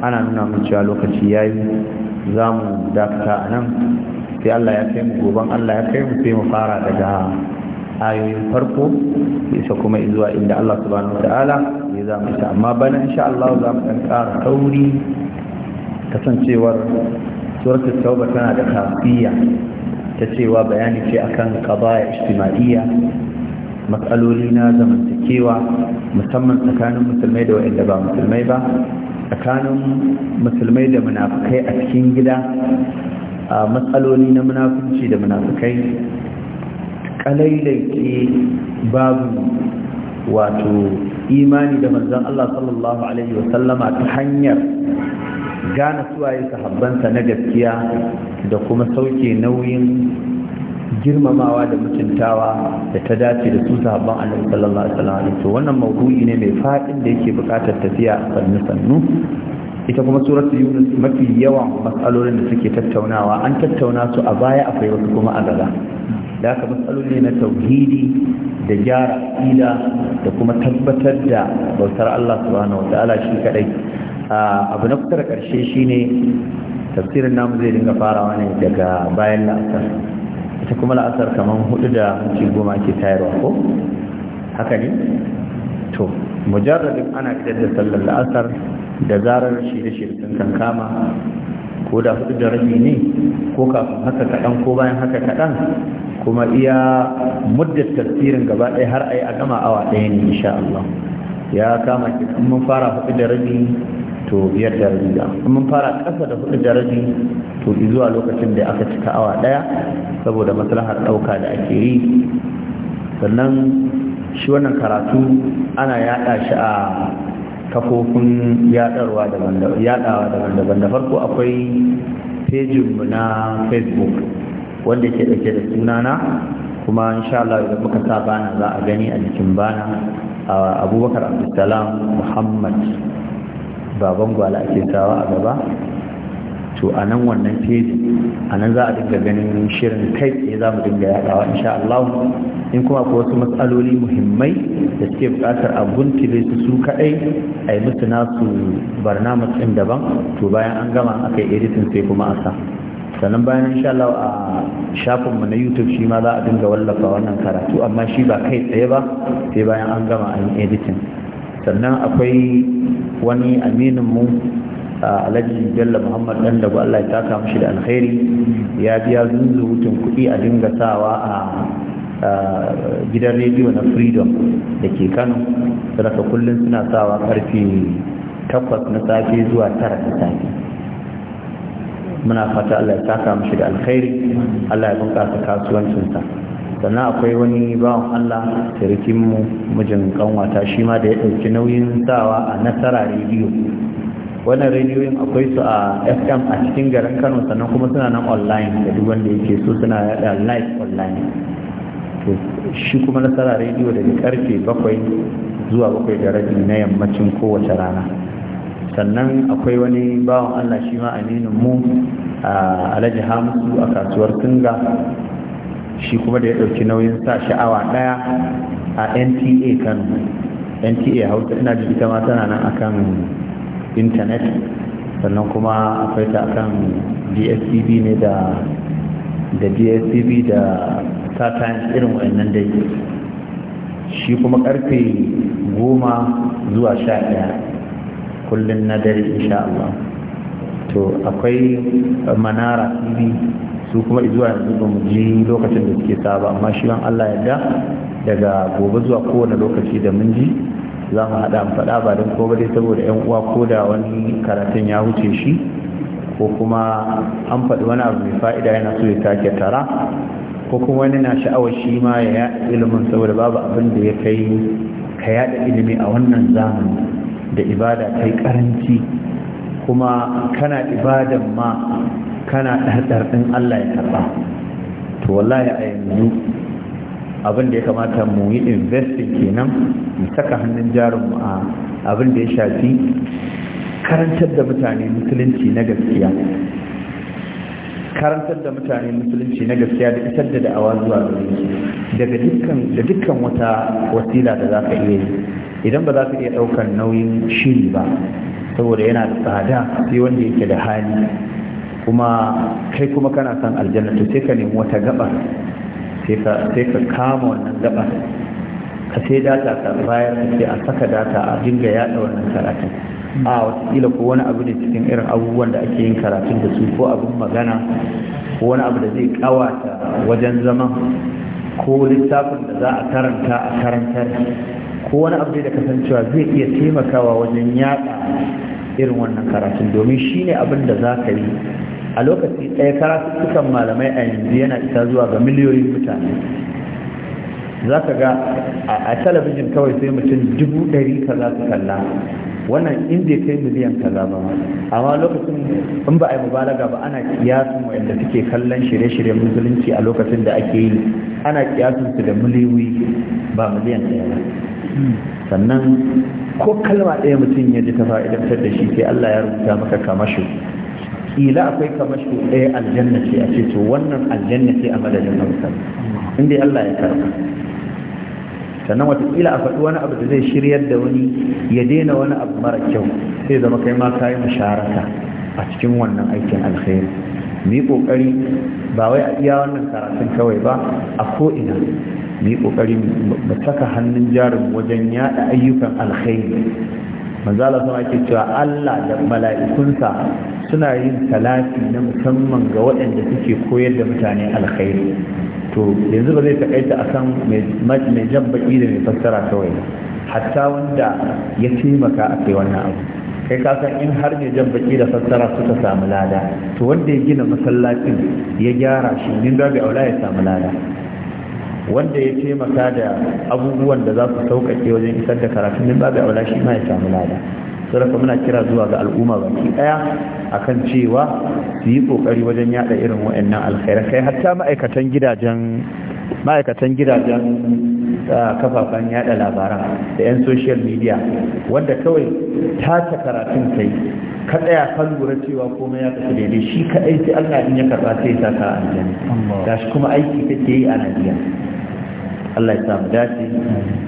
ana nuna mun cewa lokaci yi. za mu dakata a nan sai Allah ya kai mu goban Allah ya kai mu sai mu fara daga ayoyin farko isa kuma zuwa inda Allah subhanahu wa ta'ala ya za mu isa amma bana insha Allah za mu dan ƙara tauri kasancewar suratul tauba tana da kafiya ta cewa bayani ce akan qadaya ijtima'iyya matsaloli na zamantakewa musamman tsakanin musulmai da waɗanda ba musulmai ba tsakanin musulmai da munafukai a cikin gida a matsaloli na munafunci da munafukai ke babu wato imani da manzon Allah sallallahu alaihi wasallama ta hanyar gane suwaye sahabbansa na gaskiya da kuma sauke nauyin girmamawa da mutuntawa da ta dace da su sahabban annabi sallallahu alaihi wasallam to wannan maudu'i ne mai fadin da yake bukatar tafiya sannu sannu ita kuma suratul yunus mafi yawan matsalolin da suke tattaunawa an tattauna su a baya akwai wasu kuma a gaba da haka matsaloli na tauhidi da gyara ila da kuma tabbatar da bautar Allah subhanahu wataala shi kadai abu na kusa da karshe shine tafsirin namu zai dinga farawa ne daga bayan la'asar ita kuma la'asar kamar hudu da minti goma ke tayarwa ko haka ne to mujarradin ana idan da sallar la'asar da zarar shirye-shirye sun kan kama ko da su da rabi ne ko kafin haka kaɗan ko bayan haka kaɗan kuma iya muddar tafsirin gaba ɗaya har a yi a gama awa ɗaya ne insha Allah ya kama ki in mun fara hudu da rabi to biyar da rabi in mun fara ƙasa da hudu da rabi to zuwa lokacin da aka cika awa ɗaya saboda maslahar ɗauka da ake yi sannan shi wannan karatu ana yaɗa shi a kafofin yadarwa daban-daban da farko akwai pejinmu na facebook wanda ke dauke da sunana kuma insha Allah idan muka sa bana za a gani a jikin bana abubakar abdulsalam muhammad baban gwala ake sawa a gaba to a nan wannan teji a nan za a dinga ganin shirin kai ne za mu dinga yaɗawa insha Allah in kuma ko wasu matsaloli muhimmai da suke buƙatar a guntule su su kaɗai a yi musu nasu barnamas ɗin daban to bayan an gama aka yi editin sai kuma a sannan bayan insha Allah a shafinmu na YouTube shi ma za a dinga wallafa wannan karatu amma shi ba kai tsaye ba sai bayan an gama an editin sannan akwai wani aminin mu alhaji bello muhammad dan da Allah ya taka mushi da alkhairi ya biya zunzurutun kuɗi a dinga sawa a gidan rediyo na freedom da ke kano ka kullum suna sawa karfe takwas na safe zuwa tara na safe muna fata Allah ya taka mushi da alkhairi Allah ya bunƙasa kasuwancinsa sannan akwai wani bawan Allah mu mijin kanwata shi ma da ya ɗauki nauyin sawa a nasara rediyo wannan rediyoyin akwai su a fm a cikin garin kano sannan kuma suna nan online da duk wanda yake so suna yada live online to shi kuma nasara rediyo daga karfe bakwai zuwa bakwai da rabi na yammacin kowace rana sannan akwai wani bawan allah shi ma aminin mu a alhaji hamusu a kasuwar tunga shi kuma da ya ɗauki nauyin sa sha'awa ɗaya a nta kano nta hausa ina da ita ma tana nan akan intanet sannan kuma akwai ta akan dstv ne da da dstv da satan irin wayannan dai shi kuma karfe goma zuwa sha ɗaya kullum na dare insha Allah to akwai manara tv su kuma zuwa yanzu ba mu ji lokacin da suke saba amma shi Allah ya daga gobe zuwa kowane lokaci da mun ji za mu haɗa mu faɗa ba don ko dai saboda yan uwa ko da wani karatun ya wuce shi ko kuma an faɗi wani abu mai fa'ida yana so ya take tara ko kuma wani na sha'awar shi ma ya yaɗa ilimin saboda babu abin da ya kai ka yaɗa ilimi a wannan zamani da ibada ta yi ƙaranci kuma kana ibadan ma kana ɗarɗar ɗin Allah ya karɓa to wallahi a yanzu abin da ya kamata mu yi investing kenan mu saka hannun jarinmu a abin da ya shafi karantar da mutane musulunci na gaskiya karantar da mutane musulunci na gaskiya da isar da da'awa zuwa gare su daga dukkan da dukkan wata wasila da za ka iya yi idan ba za ka iya ɗaukar nauyin shiri ba saboda yana da tsada sai wanda yake da hali kuma kai kuma kana son aljanna to sai ka nemi wata gaba sai ka kama wannan gaba ka sai data ka bayar ka sai a saka data a dinga yada wannan karatun a watakila ko wani abu ne cikin irin abubuwan da ake yin karatun da su ko abin magana ko wani abu da zai kawata wajen zaman ko littafin da za a karanta a karantar ko wani abu da kasancewa zai iya taimakawa wajen yada irin wannan karatun domin shine abin da za ka yi a lokaci ɗaya karatuttukan malamai a yanzu yana isa zuwa ga miliyoyin mutane za ka ga a talabijin kawai sai mutum dubu ɗari ka za su kalla wannan in bai kai miliyan kaza ba amma lokacin in ba a yi mubalaga ba ana kiyasin wanda suke kallon shirye-shiryen musulunci a lokacin da ake yi ana kiyasin su da miliyoyi ba miliyan ɗaya ba sannan ko kalma ɗaya mutum ya ji ta fa'idantar da shi sai Allah ya rubuta maka kamasho. Ila akwai kamar shi ɗaya aljanna ce a ce to wannan aljanna ce a madadin hausa inda Allah ya karba sannan watakila a faɗi wani abu da zai shiryar da wani ya daina wani abu mara kyau sai zama kai ma kayi musharaka a cikin wannan aikin alkhairi mu yi ƙoƙari ba wai a iya wannan karatun kawai ba a ko'ina mu yi ƙoƙari mu saka hannun jarin wajen yaɗa ayyukan alkhairi manzala sun ake cewa Allah da mala'ikunsa suna yin talafi na musamman ga waɗanda suke koyar da mutane alkhairi to yanzu ba zai takaita akan mai jan baki da mai fassara kawai hatta wanda ya taimaka a kai wannan abu kai ka san in har mai jan baki da fassara suka samu lada to wanda ya gina masallacin ya gyara shi nin babu aula ya samu lada wanda ya taimaka da abubuwan da za su sauƙaƙe wajen isar da karatun min babu aula shi ma ya samu lada sarrafa muna kira zuwa ga al'umma baki daya akan cewa su yi kokari wajen yada irin wa'annan alkhairai kai hatta ma'aikatan gidajen ma'aikatan gidajen Kafafan yada labaran da 'yan social media wanda kawai tace karatun kai ka tsaya ka lura cewa komai ya tafi daidai shi kaɗai sai Allah in ya karɓa sai ya saka aljanna gashi kuma aiki take yi a Najeriya Allah ya sa mu dace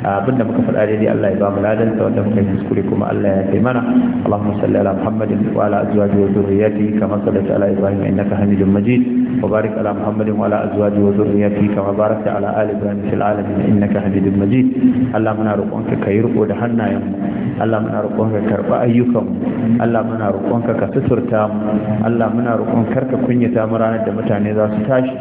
abinda muka faɗa daidai Allah ya ba mu ladan ta wanda muka yi kuskure kuma Allah ya kai mana Allahumma salli ala Muhammadin wa ala azwajihi wa dhurriyyatihi kama sallaita ala Ibrahim innaka Hamidum Majid wa barik ala Muhammadin wa ala azwajihi wa dhurriyyatihi kama barakta ala ali Ibrahim fil alamin innaka Hamidum Majid Allah muna roƙonka ka yi riko da hannayen Allah muna roƙonka karɓa ayyukan Allah muna roƙonka ka suturta mu Allah muna roƙon karka kunyata mu ranar da mutane za su tashi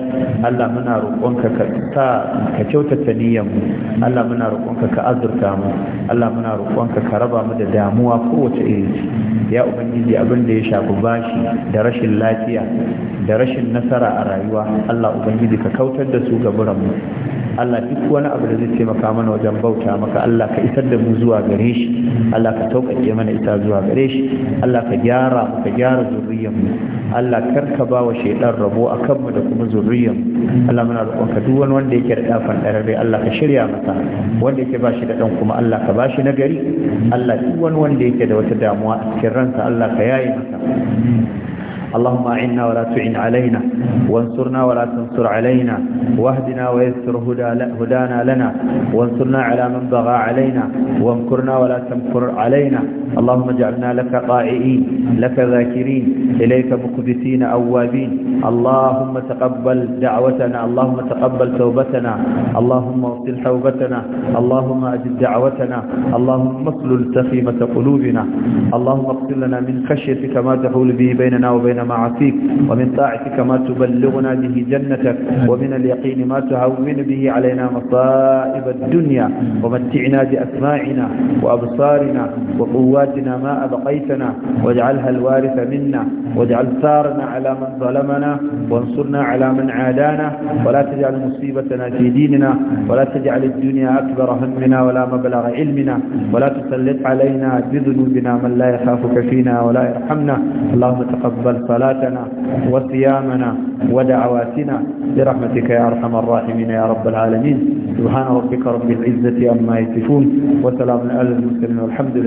Allah muna roƙonka ka sa ka kyautata niyyanmu mu Allah muna roƙonka ka azurta mu Allah muna roƙonka ka raba mu da damuwa kowace iri ya ubangiji abin da ya shafi bashi da rashin lafiya da rashin nasara a rayuwa Allah ubangiji ka kautar da su ga mu Allah duk wani abu da zai taimaka mana wajen bauta maka Allah ka isar da mu zuwa gare shi Allah ka tauƙaƙe mana ita zuwa gare shi Allah ka gyara mu ka gyara zuriyar mu Allah kar ka ba wa shaidan rabo a kanmu da kuma zuriyar mu Allah muna roƙonka duk wani wanda yake da ɗafan ɗarare Allah ka shirya masa wanda yake ba shi da ɗan kuma Allah ka ba shi nagari Allah duk wani wanda yake da wata damuwa a cikin ransa Allah ka yaye masa اللهم أعنا ولا تعن علينا وانصرنا ولا تنصر علينا واهدنا ويسر هدانا لنا وانصرنا على من بغى علينا وامكرنا ولا تمكر علينا اللهم اجعلنا لك طائعين لك ذاكرين إليك مقبتين أوابين اللهم تقبل دعوتنا اللهم تقبل توبتنا اللهم اغسل حوبتنا اللهم أجد دعوتنا اللهم اصلل تخيمة قلوبنا اللهم اغسل لنا من خشيتك ما تحول به بيننا وبين معاصيك ومن طاعتك ما تبلغنا به جنتك ومن اليقين ما تهون به علينا مصائب الدنيا ومتعنا بأسماعنا وأبصارنا وقواتنا ما أبقيتنا واجعلها الوارث منا واجعل ثارنا على من ظلمنا وانصرنا على من عادانا ولا تجعل مصيبتنا في ديننا ولا تجعل الدنيا أكبر همنا ولا مبلغ علمنا ولا تسلط علينا بذنوبنا من لا يخافك فينا ولا يرحمنا اللهم تقبل صلاتنا وصيامنا ودعواتنا برحمتك يا أرحم الراحمين يا رب العالمين سبحان ربك رب العزة أما يتفون وسلام على المسلمين والحمد لله